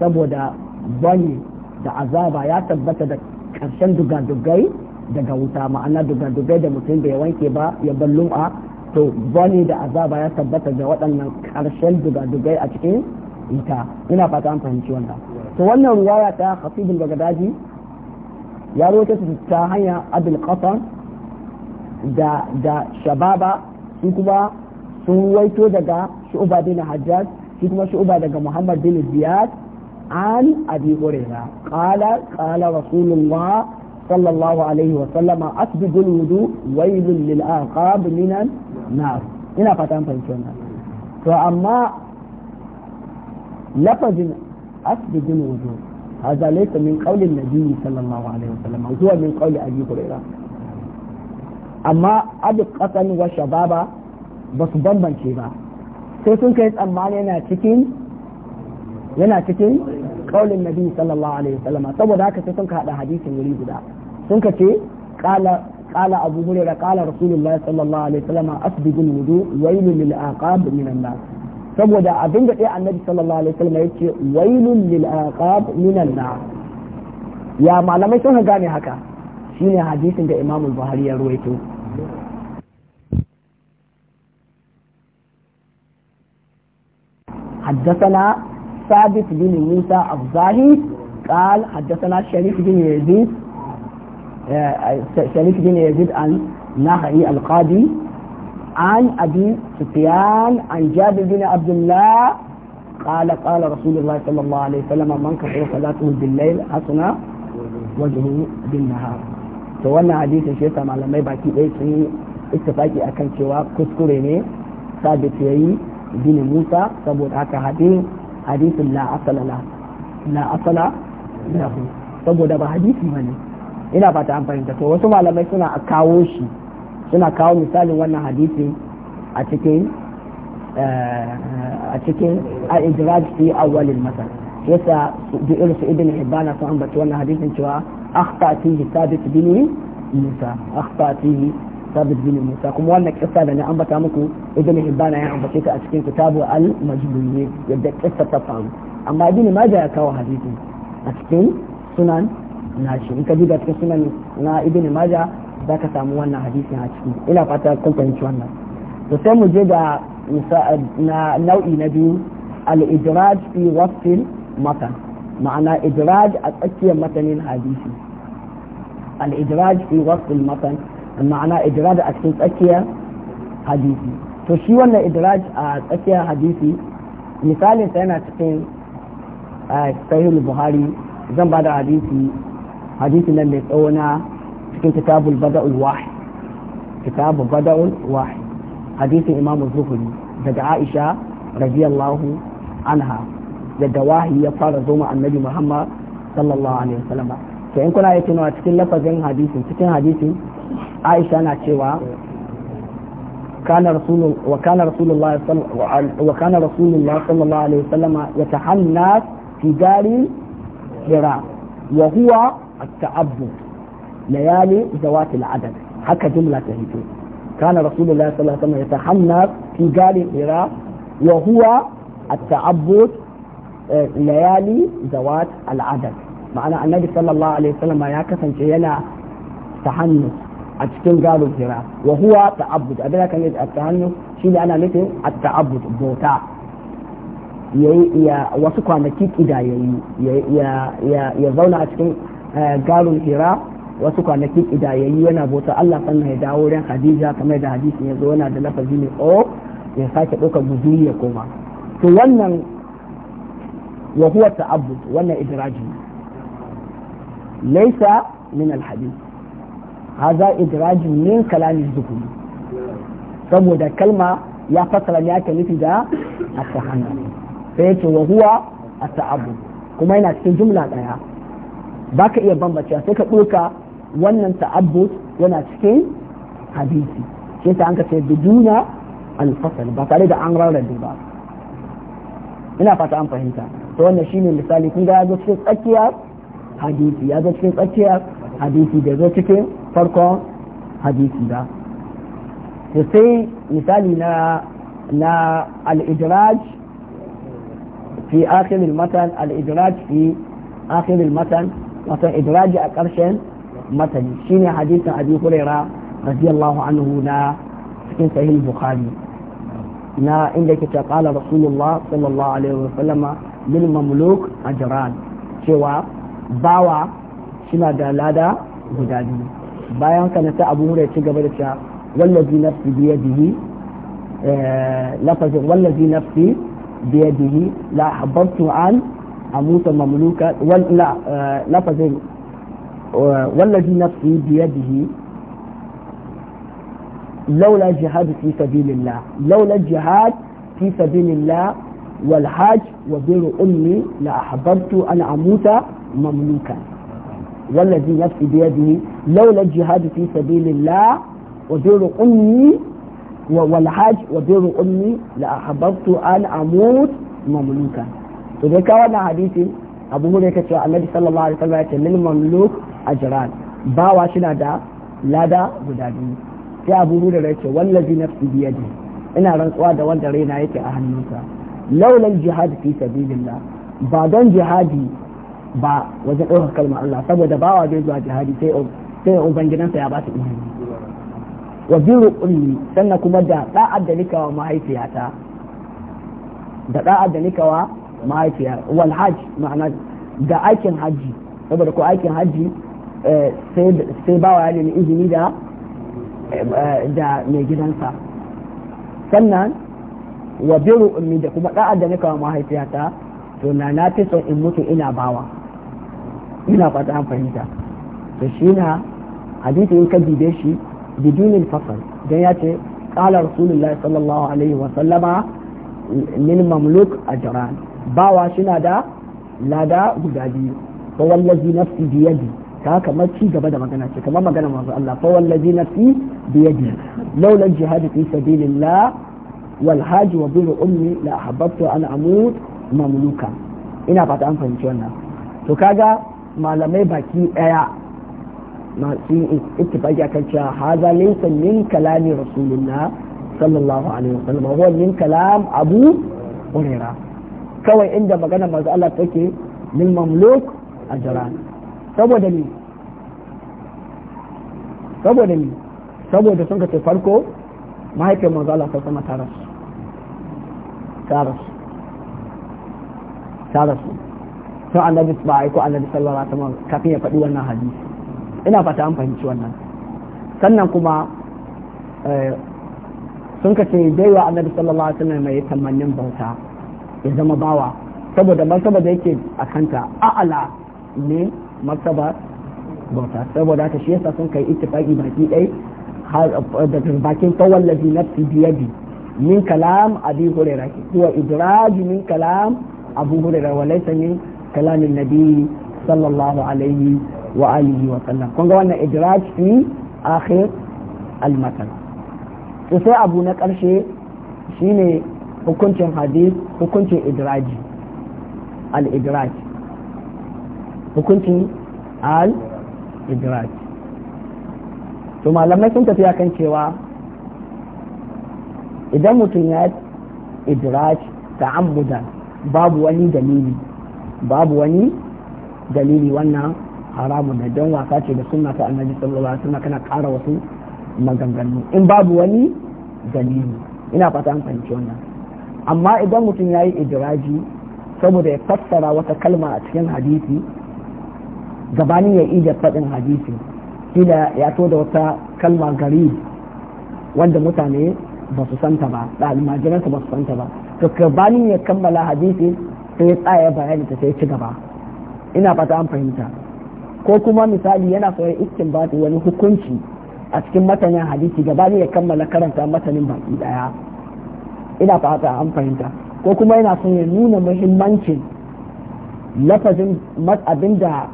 saboda bani da azaba ya tabbata da karshen dugandugai daga wuta ma'ana dugadugai da mutum bai wanke ba ya ballum a to bani da azaba ya tabbata da waɗannan karshen dugandugai a cikin ita. ina fata an fahimci wannan to wannan ruwaya ta Hafiz al daji ya rawaito su ta hanyar abin qasan da da shababa su kuma sun waito daga shu'ba bin hajjaj shi kuma shu'ba daga muhammad bin ziyad an abi hurairah qala qala rasulullah sallallahu alaihi wa sallama asbigul wudu waylun lil aqab minan nar ina fata an fahimci wannan to amma lafazin asbigul wudu هذا ليس من قول النبي صلى الله عليه وسلم هو من قول أبي هريرة amma adukatan wa shababa ba su bambance ba sai sun kai tsammani yana cikin yana cikin kaulin nabi sallallahu alaihi wasallam saboda haka sai sun ka hada hadisin wuri guda sun ka ce qala qala abu hurairah qala rasulullahi sallallahu alaihi wasallam asbigul wudu waylun lil saboda abin da ɗaya annabi sallallahu alaihi wasallam ya ce wailun lil aqab minan nar ya malamai sun gane haka shine hadisin da imamu Buhari ya ruwaito حدثنا ثابت بن موسى الظاهي قال حدثنا شريف بن يزيد شريف بن يزيد النهائي القاضي عن أبي سفيان عن جابر بن عبد الله قال قال رسول الله صلى الله عليه وسلم من كفر صلاته بالليل حسن وجهه بالنهار wannan hadisin shi yasa malamai baki ɗaya sun yi a kan cewa kuskure ne sabit ya yi gini musa saboda haka hadin hadisin la asala la asala lahu saboda ba hadisi bane ina fata an fahimta wasu malamai suna kawo shi suna kawo misalin wannan hadisi a cikin eh, a cikin a idraj fi awwal al-masal yasa da irin su ibn hibban sun ambata wannan hadisin cewa akhta fihi thabit bin musa akhta fihi thabit bin musa kuma wannan kissa da na ambata muku ibn hibban ya ambace ta a cikin kitabu al-majbuni yadda kissa ta faru amma ibn majah ya kawo hadisin a cikin sunan nashi in ka duba cikin sunan na ibn majah za ka samu wannan hadisin a ciki ina fata kun fahimci wannan to sai mu je da na nau'i na biyu al-idraj fi wasfin matan ma'ana idraj a tsakiyar matanin hadisi al-idraj fi wasfin matan ma'ana idraj a cikin tsakiyar hadisi to shi wannan idraj a tsakiyar hadisi misalin sa yana cikin eh, sahihul buhari zan ba da hadisi hadisi nan mai tsawo na cikin kitabul bada'ul wahid kitabu bada'ul wahid hadisin imam zuhuri daga aisha radiyallahu anha yadda wahi ya fara zoma annabi muhammad sallallahu alaihi wasallam to in kuna yake nawa cikin lafazin hadisin cikin hadisin aisha na cewa كان رسول وكان رسول الله صل... وكان رسول الله صلى الله عليه وسلم يتحنث في دار الحراء وهو التعبد layali zawati al'adad haka jumla ta hito kana rasulullahi sallallahu alaihi wasallam yatahanna fi gali hira wa huwa layali zawat al'adad ma'ana annabi sallallahu alaihi wasallam ya kasance yana tahannus a cikin galin hira wa huwa ta'abbud abin kan yi at-tahannus shine ana nufin at-ta'abbud bauta ya wasu kwanaki kidayayi ya zauna a cikin garin hira wasu kwanaki idayayyu yana bauta Allah sannan ya dawo ran Khadija kamar da hadisin ya zo yana da lafazi ne o oh, ya sake ɗauka guzuri ya koma to wannan wa huwa ta'abbud wannan idraji laysa min al hadha idraji min kalamin az saboda kalma ya fasara ne ake nufi da at-tahanna sai to wa huwa at-ta'abbud kuma yana cikin jumla daya baka iya bambacewa sai ka ɗauka wannan ta'abbud yana cikin hadisi shi ta an ka ce biduna al fasl ba tare da an rarrabe ba ina fata an fahimta to wannan shine misali kun ga yazo cikin tsakiya hadisi yazo cikin tsakiya hadisi da zo cikin farkon hadisi ba sai misali na na al-idraj fi akhir al-matan في آخر المتن الإدراج في آخر المتن idraji a أكرشن matani shine hadisin abi huraira radiyallahu anhu na cikin sahih bukhari na inda ke qala rasulullah sallallahu alaihi wa sallama lil mamluk ajran cewa bawa suna da lada guda biyu bayan kana ta abu hurairah ci gaba da cewa wallazi nafsi biyadihi lafazin wallazi nafsi بيده لا أحببت أن أموت مملوكا ولا لفظ والذي نفسي بيده لولا الجهاد في سبيل الله لولا الجهاد في سبيل الله والحاج وبر أمي لأحببت أن أموت مملوكا والذي نفسي بيده لولا الجهاد في سبيل الله وبر أمي والحاج وبر أمي لأحببت أن أموت مملوكا إذا كان حديث أبو هريرة النبي صلى الله عليه وسلم للمملوك ajran bawa shi na da lada guda biyu sai abu hura da yake wallazi nafsi biyadi ina rantsuwa da wanda raina yake a hannunsa laulan jihadi fi sabilillah ba don jihadi ba wajen ɗaukar kalmar Allah saboda bawa bai zuwa jihadi sai sai ubangidansa ya ba su imani wa biru ummi sannan kuma da da'ad da nikawa mahaifiyata da da'ad da nikawa mahaifiyar wal hajj ma'ana da aikin hajji saboda ko aikin hajji Eh, sai bawa ya nemi izini da eh, eh, mai gidansa sannan wa biru ummi da kuma da'ar da nika wa mahaifiyata to na na fi son in mutu ina bawa ina fata fahimta to shi na hadisi in ka dibe shi bidunin fasal don ya ce kala rasulullahi sallallahu alaihi wa sallama min mamluk ajran bawa shi na da lada guda biyu fa wallazi nafsi biyadi ta kamar ci gaba da magana ce kamar magana manzo Allah fa wallazi nafsi bi yadi laula jihadu fi sabilillah wal hajj wa bir ummi la ahabbtu an mamluka ina fata an fahimci wannan to kaga malamai baki daya masu ittifaqi akan cewa haza laysa min kalami rasulullah sallallahu alaihi wasallam huwa min kalam abu hurairah kawai inda magana masu Allah take min mamluk ajran saboda ne saboda ne saboda sun kace farko mahaifiyar manzo Allah sai sama taras taras taras to annabi ba ai ko annabi sallallahu alaihi wasallam kafin ya faɗi wannan hadisi ina fata an fahimci wannan sannan kuma eh, sun kace baiwa annabi sallallahu alaihi wasallam mai tamannin bauta ya zama bawa saboda ban saboda yake a kanta a'ala ne martaba bauta saboda ta shi yasa sun kai ittifaqi baki dai har daga bakin kawal ladhi nafsi biyadi min kalam abi ki? huwa idraj min kalam abu hurairah wa laysa min kalam an-nabi sallallahu alaihi wa alihi wa sallam kun ga wannan idraj fi akhir al-matan sai abu na karshe shine hukuncin hadith hukuncin idraji al-idraji hukuncin al idrak to malamai sun tafi kan cewa idan mutum ya ta ta'ammudan babu wani dalili babu wani dalili wannan haramun da don wasa ce da suna ta annabi sallallahu alaihi kana kara wasu maganganu in babu wani dalili ina fata an fahimci wannan amma idan mutum ya yi idiraji saboda ya fassara wata kalma a cikin hadisi Gabani ya da faɗin hadisi kila ya to da wata kalma gari wanda mutane ba su santa ba da almajiransa ba su santa ba to gabani ya kammala hadisi sai ya tsaya bayani ta sai ci gaba ina fata an fahimta ko kuma misali yana so ya istinbati wani hukunci a cikin matanin hadisi gabani ya kammala karanta matanin baki daya ina fata an fahimta ko kuma yana son ya nuna muhimmancin lafazin da.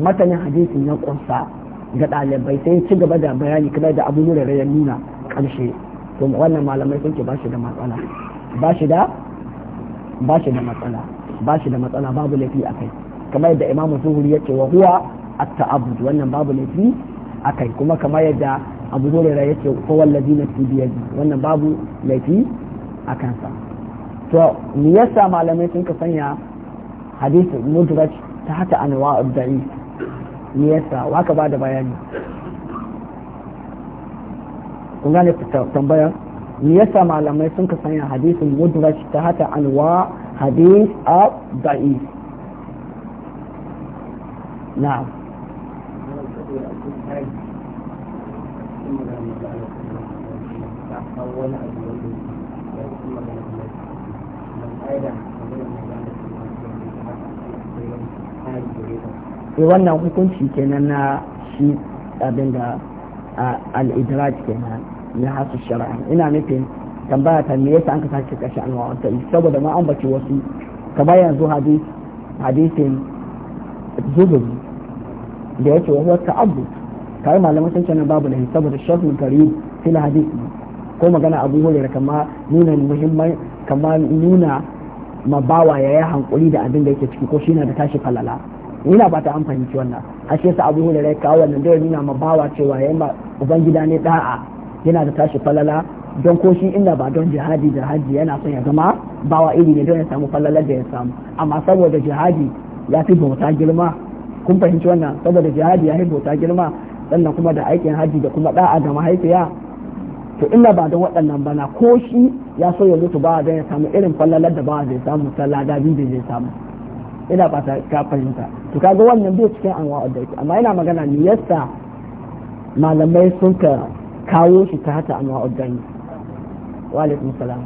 matanin hadisin ya kunsa ga ɗalibai sai ci gaba da bayani kada da abu nuna ya nuna ƙarshe to wannan malamai sun ce ba shi da matsala ba shi da ba shi da matsala ba shi da matsala babu laifi a kai kamar yadda imam zuhuri ya ce wa huwa at-ta'abbud wannan babu laifi a kai kuma kamar yadda abu zuhuri ya ce ko wallazi na tibiyadi wannan babu laifi a kansa to me yasa malamai sun ka sanya hadisi mudraj ta hata anwa'ud da'if me yasa wa ka da bayani kun gane tambayar me yasa malamai sun ka sanya hadisin mudraj ta hata alwa hadis a da'if na. wani abu e wannan hukunci kenan na shi abin da al'idraj kenan na hasu shari'a ina nufin tambaya ta me yasa an ka sake kashe anwa'un ta saboda ma an bace wasu kamar yanzu hadis hadisin zuhuri da yake wa huwa ta'abbud kai malaman sun kenan babu da saboda shafin karib fil hadis ko magana abu da kama nuna muhimman kama nuna mabawa ya yi hankuli da abin da yake ciki ko shi na da tashi falala ina ta an fahimci wannan ashe sa abu hulaira ya kawo wannan dole nuna ma bawa cewa yi ba ubangida ne da'a yana da tashi falala don ko shi inda ba don jihadi da hajji yana son ya zama bawa iri ne don ya samu falalar da ya samu amma saboda jihadi ya fi bauta girma kun fahimci wannan saboda jihadi ya fi bauta girma sannan kuma da aikin hajji da kuma da'a da mahaifiya to inna ba don waɗannan bana ko shi ya so ya mutu ba don ya samu irin falalar da ba zai samu sallah da zai samu ina ba ta ka fahimta to kaga wannan bai cikin anwa da amma ina magana ne yasa malamai sun ka kawo shi ta hata anwa da wa alaikum salam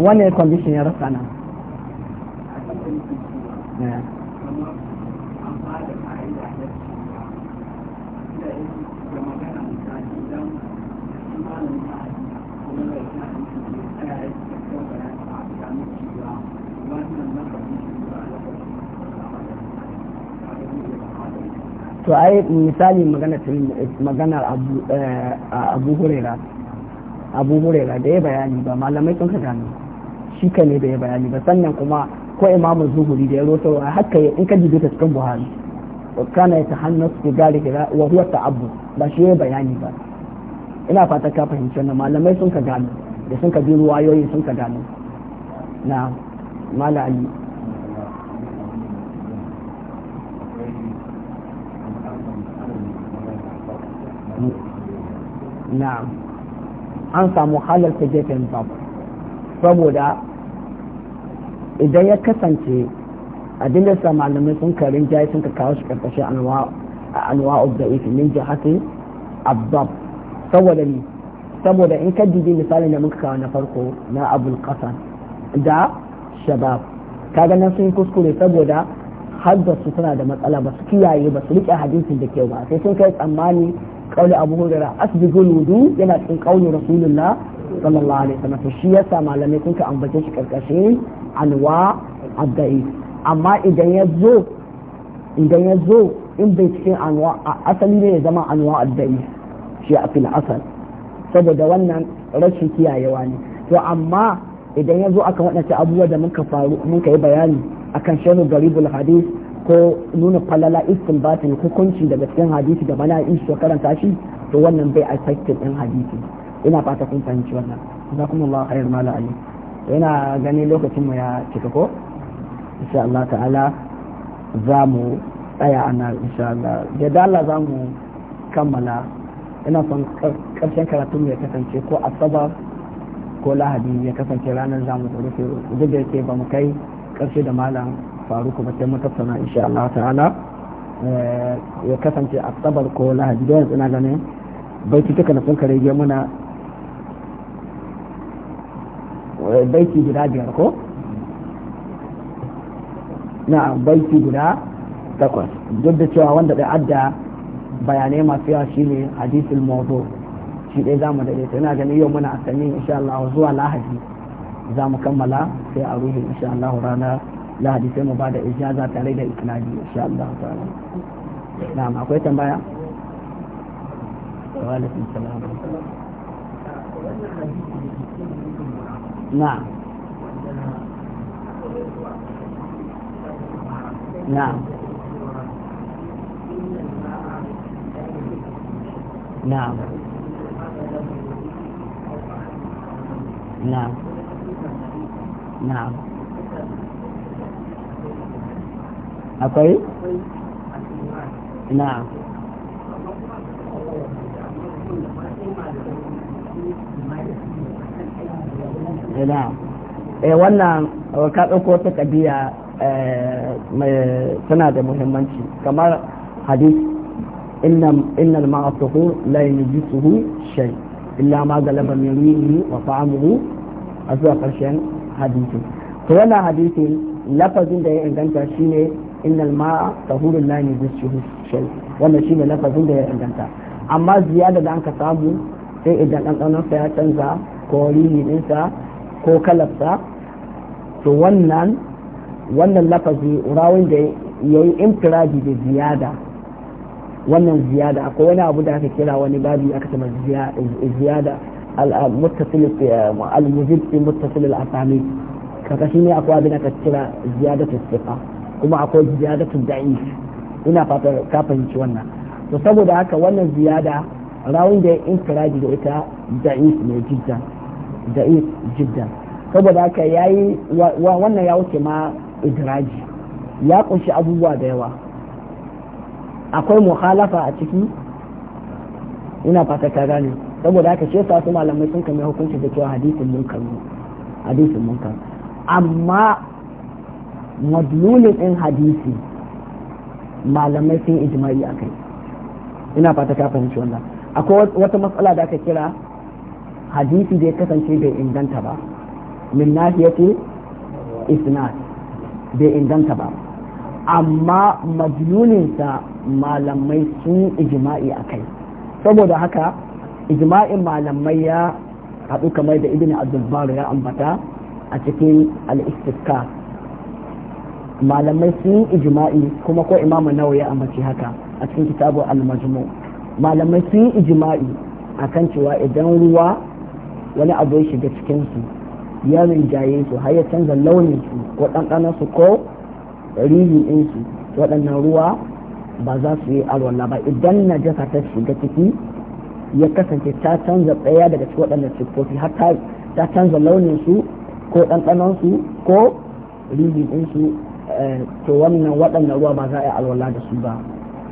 wannan condition ya rasa nan to ai misali maganar abu hurera eh, abu hurera da ya bayani ba malamai sun ka gano shi ka ne da ya bayani ba sannan kuma ko imamu zuhuri da ya roto a haka in ka jibe ta cikin buhari kana ya ta hannu su gari gira wa huwa abu ba shi ya bayani ba ina fata ka fahimci wannan malamai sun ka gano da sun ka bi ruwayoyi sun ka gano na mala na'am an samu halarta gefen babu saboda idan ya kasance abin da malamai sun karin jayi sun ka kawo shi karkashin anwa'u da ifi min jihati abab saboda ni saboda in ka didi misalin da muka kawo na farko na abul da shabab kaga nan sun kuskure saboda su suna da matsala ba su kiyaye ba su rike hadisin da kyau ba sai sun kai tsammani kauli abu hurairah asbiqul wudu yana cikin kauli rasulullah sallallahu alaihi wasallam to shi yasa malamai kun ka ambace shi karkashin anwa abda'i amma idan ya zo idan ya zo in bai cikin anwa asali ne ya zama anwa abda'i shi a fil asal saboda wannan rashin kiyayewa ne to amma idan ya zo akan waɗancan abubuwa da muka faru muka yi bayani akan shanu garibul hadith ko nuna falala istinbatin hukunci daga cikin hadisi da in shi karanta shi to wannan bai affect din hadisi ina fata kun fahimci wannan jazakumullahu khair mala ali yana gani lokacin mu ya cika ko insha Allah ta'ala za mu tsaya ana insha Allah da dalla za mu kammala ina son karshen karatun ya kasance ko asabar ko lahadi ya kasance ranar zamu rufe duk da yake ba mu kai karshe da malam faru kuma sai mu tattauna insha Allah ta'ala eh, ya kasance tsabar ko lahadi da yanzu ina ganin baiti tuka na sun kare muna eh, baiti guda biyar ko na baiti guda takwas duk da cewa wanda da adda bayanai masu yawa shine hadisul mawdu shi dai zamu daidaita ina ganin yau muna asali insha Allah zuwa lahadi za mu kammala sai a ruhu insha Allah rana lahadi sai mu ba da ijaza tare da iknadi insha Allah ta'ala na'am akwai tambaya wa alaikum salam na'am na'am na'am na'am نعم أقول نعم wannan ka ɗauko ta ƙabiya eh, tana da muhimmanci kamar hadis innal ma'asuhu la yujisuhu shay illa ma galaba min rihi wa fa'amuhu a zuwa ƙarshen hadisi to wannan hadisi lafazin da ya inganta shine innal ma'a tahurul lani bishuhu shay wannan shine lafazin da ya inganta amma ziyada da anka samu sai idan dan sa ya canza ko rini dinsa ko kalafsa to wannan wannan lafazi rawin da yayi imtiradi da ziyada wannan ziyada akwai wani abu da aka kira wani babi aka ce ziyada المتصل في المزيد في متصل الأسامي كتشيني أقوى بنا كتشرا زيادة الثقة كما أقول زيادة الضعيف ina fata ka fahimci wannan to saboda haka wanan ziyada rawun da ya da ita da'if ne jiddan da'if jiddan saboda haka yayi wannan ya wuce ma idiraji ya kunshi abubuwa da yawa akwai muhalafa a ciki ina fata ka gane saboda haka shi yasa su malamai sun kame hukunci da cewa hadisin munkar hadisin munkar amma madlulin din hadisi malamai sun ijma'i akai ina fata ka fahimci wannan akwai wata matsala da aka kira hadisi da ya kasance bai inganta ba min nahiyati isnad bai inganta ba amma majlulinsa malamai sun ijma'i akai saboda haka ijma'in malamai ya haɗu kamar da ibn abdulbar ya ambata a cikin al'istika malamai sun yi ijma'i kuma ko imamu nawa ya ambaci haka a cikin kitabu al-majmu malamai sun yi ijma'i akan cewa idan ruwa wani abu ya shiga cikinsu ya rinjaye su har ya canza launinsu ko su ko rihin ɗinsu waɗannan ruwa ba za su yi alwala ba idan najasa ta shiga ciki ya kasance ta canza ɗaya daga cikin waɗannan siffofi har ta canza launin su ko ɗanɗanonsu su ko rihi ɗin su eh, to wannan waɗannan ruwa ba za a yi alwala da su ba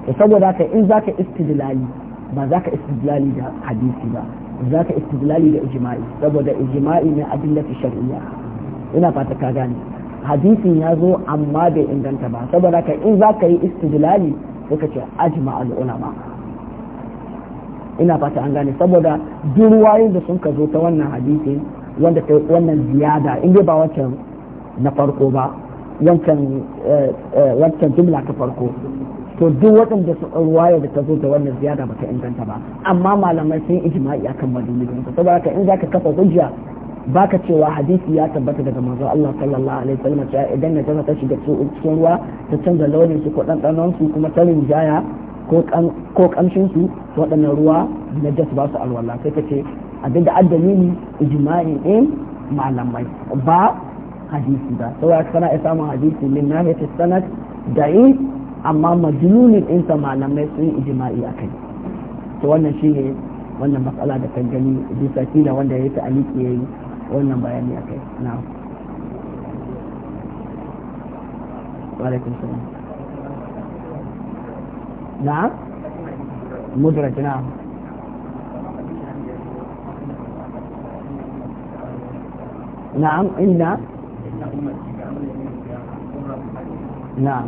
to saboda haka in zaka istidlali ba za ka istidlali da hadisi ba za ka istidlali da ijma'i saboda ijma'i ne fi shari'a ina fata ka gane hadisin ya zo amma bai inganta ba saboda ka in za ka yi istidlali sai ka ce ajma al ulama ina fata an gane saboda duk da sun ka zo ta wannan hadisi wanda ta wannan ziyada in dai ba wancan na farko ba wancan eh, eh, wancan jumla ta farko to duk waɗanda su ruwaya da ta zo ta wannan ziyada ba ta inganta ba amma malamai sun ijma'i akan madalilin ta saboda ka in zaka kafa hujja baka cewa hadisi ya tabbata daga manzo Allah sallallahu alaihi wasallam cewa idan na ta shiga cikin ruwa ta canza launin su ko ɗanɗanon su kuma ta rinjaya ko kamshin su waɗannan ruwa na jas ba su alwala sai ka ce abin da addalili ijima'i ne malamai ba hadisi ba ya kana ya samun hadisi min na hata sanad da'i amma majnuni ɗinsa malamai sun ijima'i a kai to wannan shi ne wannan matsala da kan gani bisa kila wanda ya ta aliki ya yi wannan bayani a kai na'am alaikum salam. na mudraj na na'am inna na'am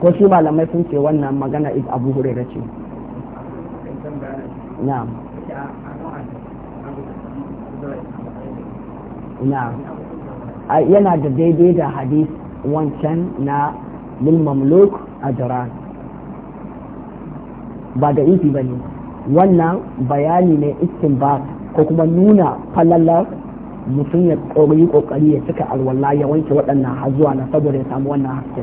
ko malamai sun ce wannan magana is abu hurera ce na'am na'am yana da daidai da hadis wancan na lil a ajran ba da ifi ba ne wannan bayani ne ba ko kuma nuna falalar mutum ya kokari ƙoƙari ya cika alwala ya wanke waɗannan hazuwa na saboda ya samu wannan haske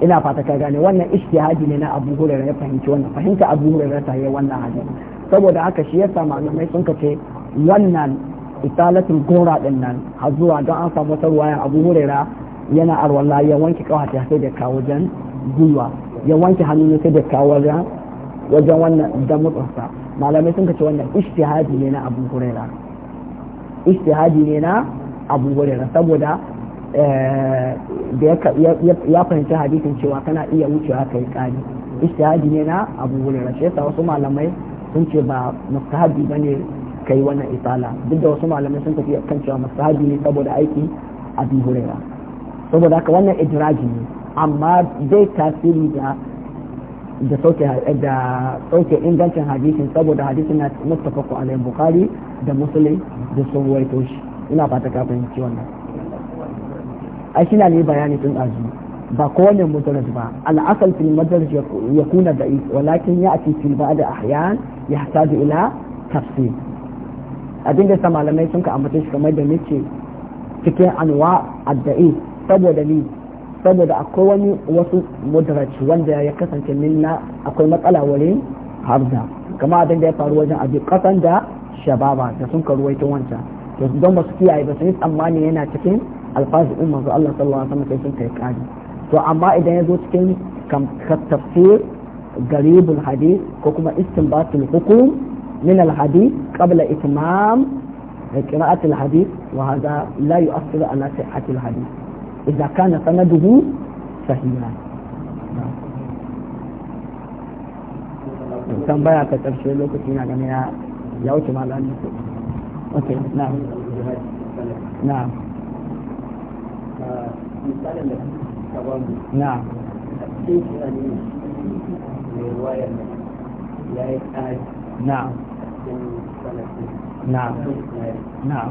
ina fata ka gane wannan ishtihadi ne na Abu Hurairah ya fahimci wannan fahimta Abu Hurairah ta yi wannan hadisi saboda haka shi ya samu malamai sun ce wannan italatin gora ɗin nan hazuwa don an samu wata ruwayan Abu Hurairah yana alwala ya wanke kawata sai da kawo jan gwiwa ya wanke hannu sai da kawo wajen wannan da mutsarsa malamai sun kace wannan ishtihadi ne na Abu Huraira ishtihadi ne na Abu Huraira saboda eh, da ya fahimci hadisin cewa kana iya wucewa kai kari ishtihadi ne na Abu Huraira shi yasa wasu malamai sun ce ba mustahabi bane kai wannan isala duk da wasu malamai sun tafi kan cewa mustahabi ne saboda aiki Abu Huraira saboda haka wannan idraji ne amma zai tasiri da da sauke da sauke ingancin hadisin saboda hadisin na mustafaku alaihi bukhari da muslim da sawaito shi ina fata ka fahimci wannan ai shi ne bayani tun azu ba kowane mudarris ba al'asal fil madarris ya kuna da is walakin ya ati fil ba'd ahyan yahtaju ila tafsir abinda sa malamai sun ka ambata shi kamar da nace cikin anwa adda'i saboda ni saboda akwai wani wasu mudraci wanda ya kasance minna akwai matsala wurin harza kama abin da ya faru wajen abin kasan da shababa da sun karuwaito wancan to don ba su kiyaye ba sun yi tsammani yana cikin alfazu in manzo Allah sallallahu alaihi wasallam sun kai kari to amma idan ya zo cikin tafsir garibul hadith ko kuma istinbatul hukum min al hadith qabla itmam eh, qira'atul hadith wa hadha la yu'assiru ala sihhatil hadith idza kana sanaduhu tambaya ta karshe lokaci na gani ya ya na na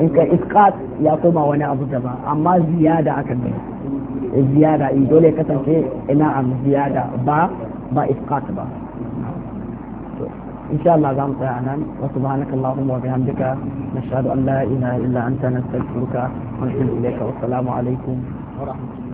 in ka iskat ya koma wani abu daban amma ziyada aka ne ziyada in dole kasance ina am ziyada ba ba iskat ba إن شاء الله زعم تعالى وسبحانك اللهم وبحمدك نشهد أن لا إله إلا أنت نستغفرك ونتوب إليك والسلام عليكم ورحمة الله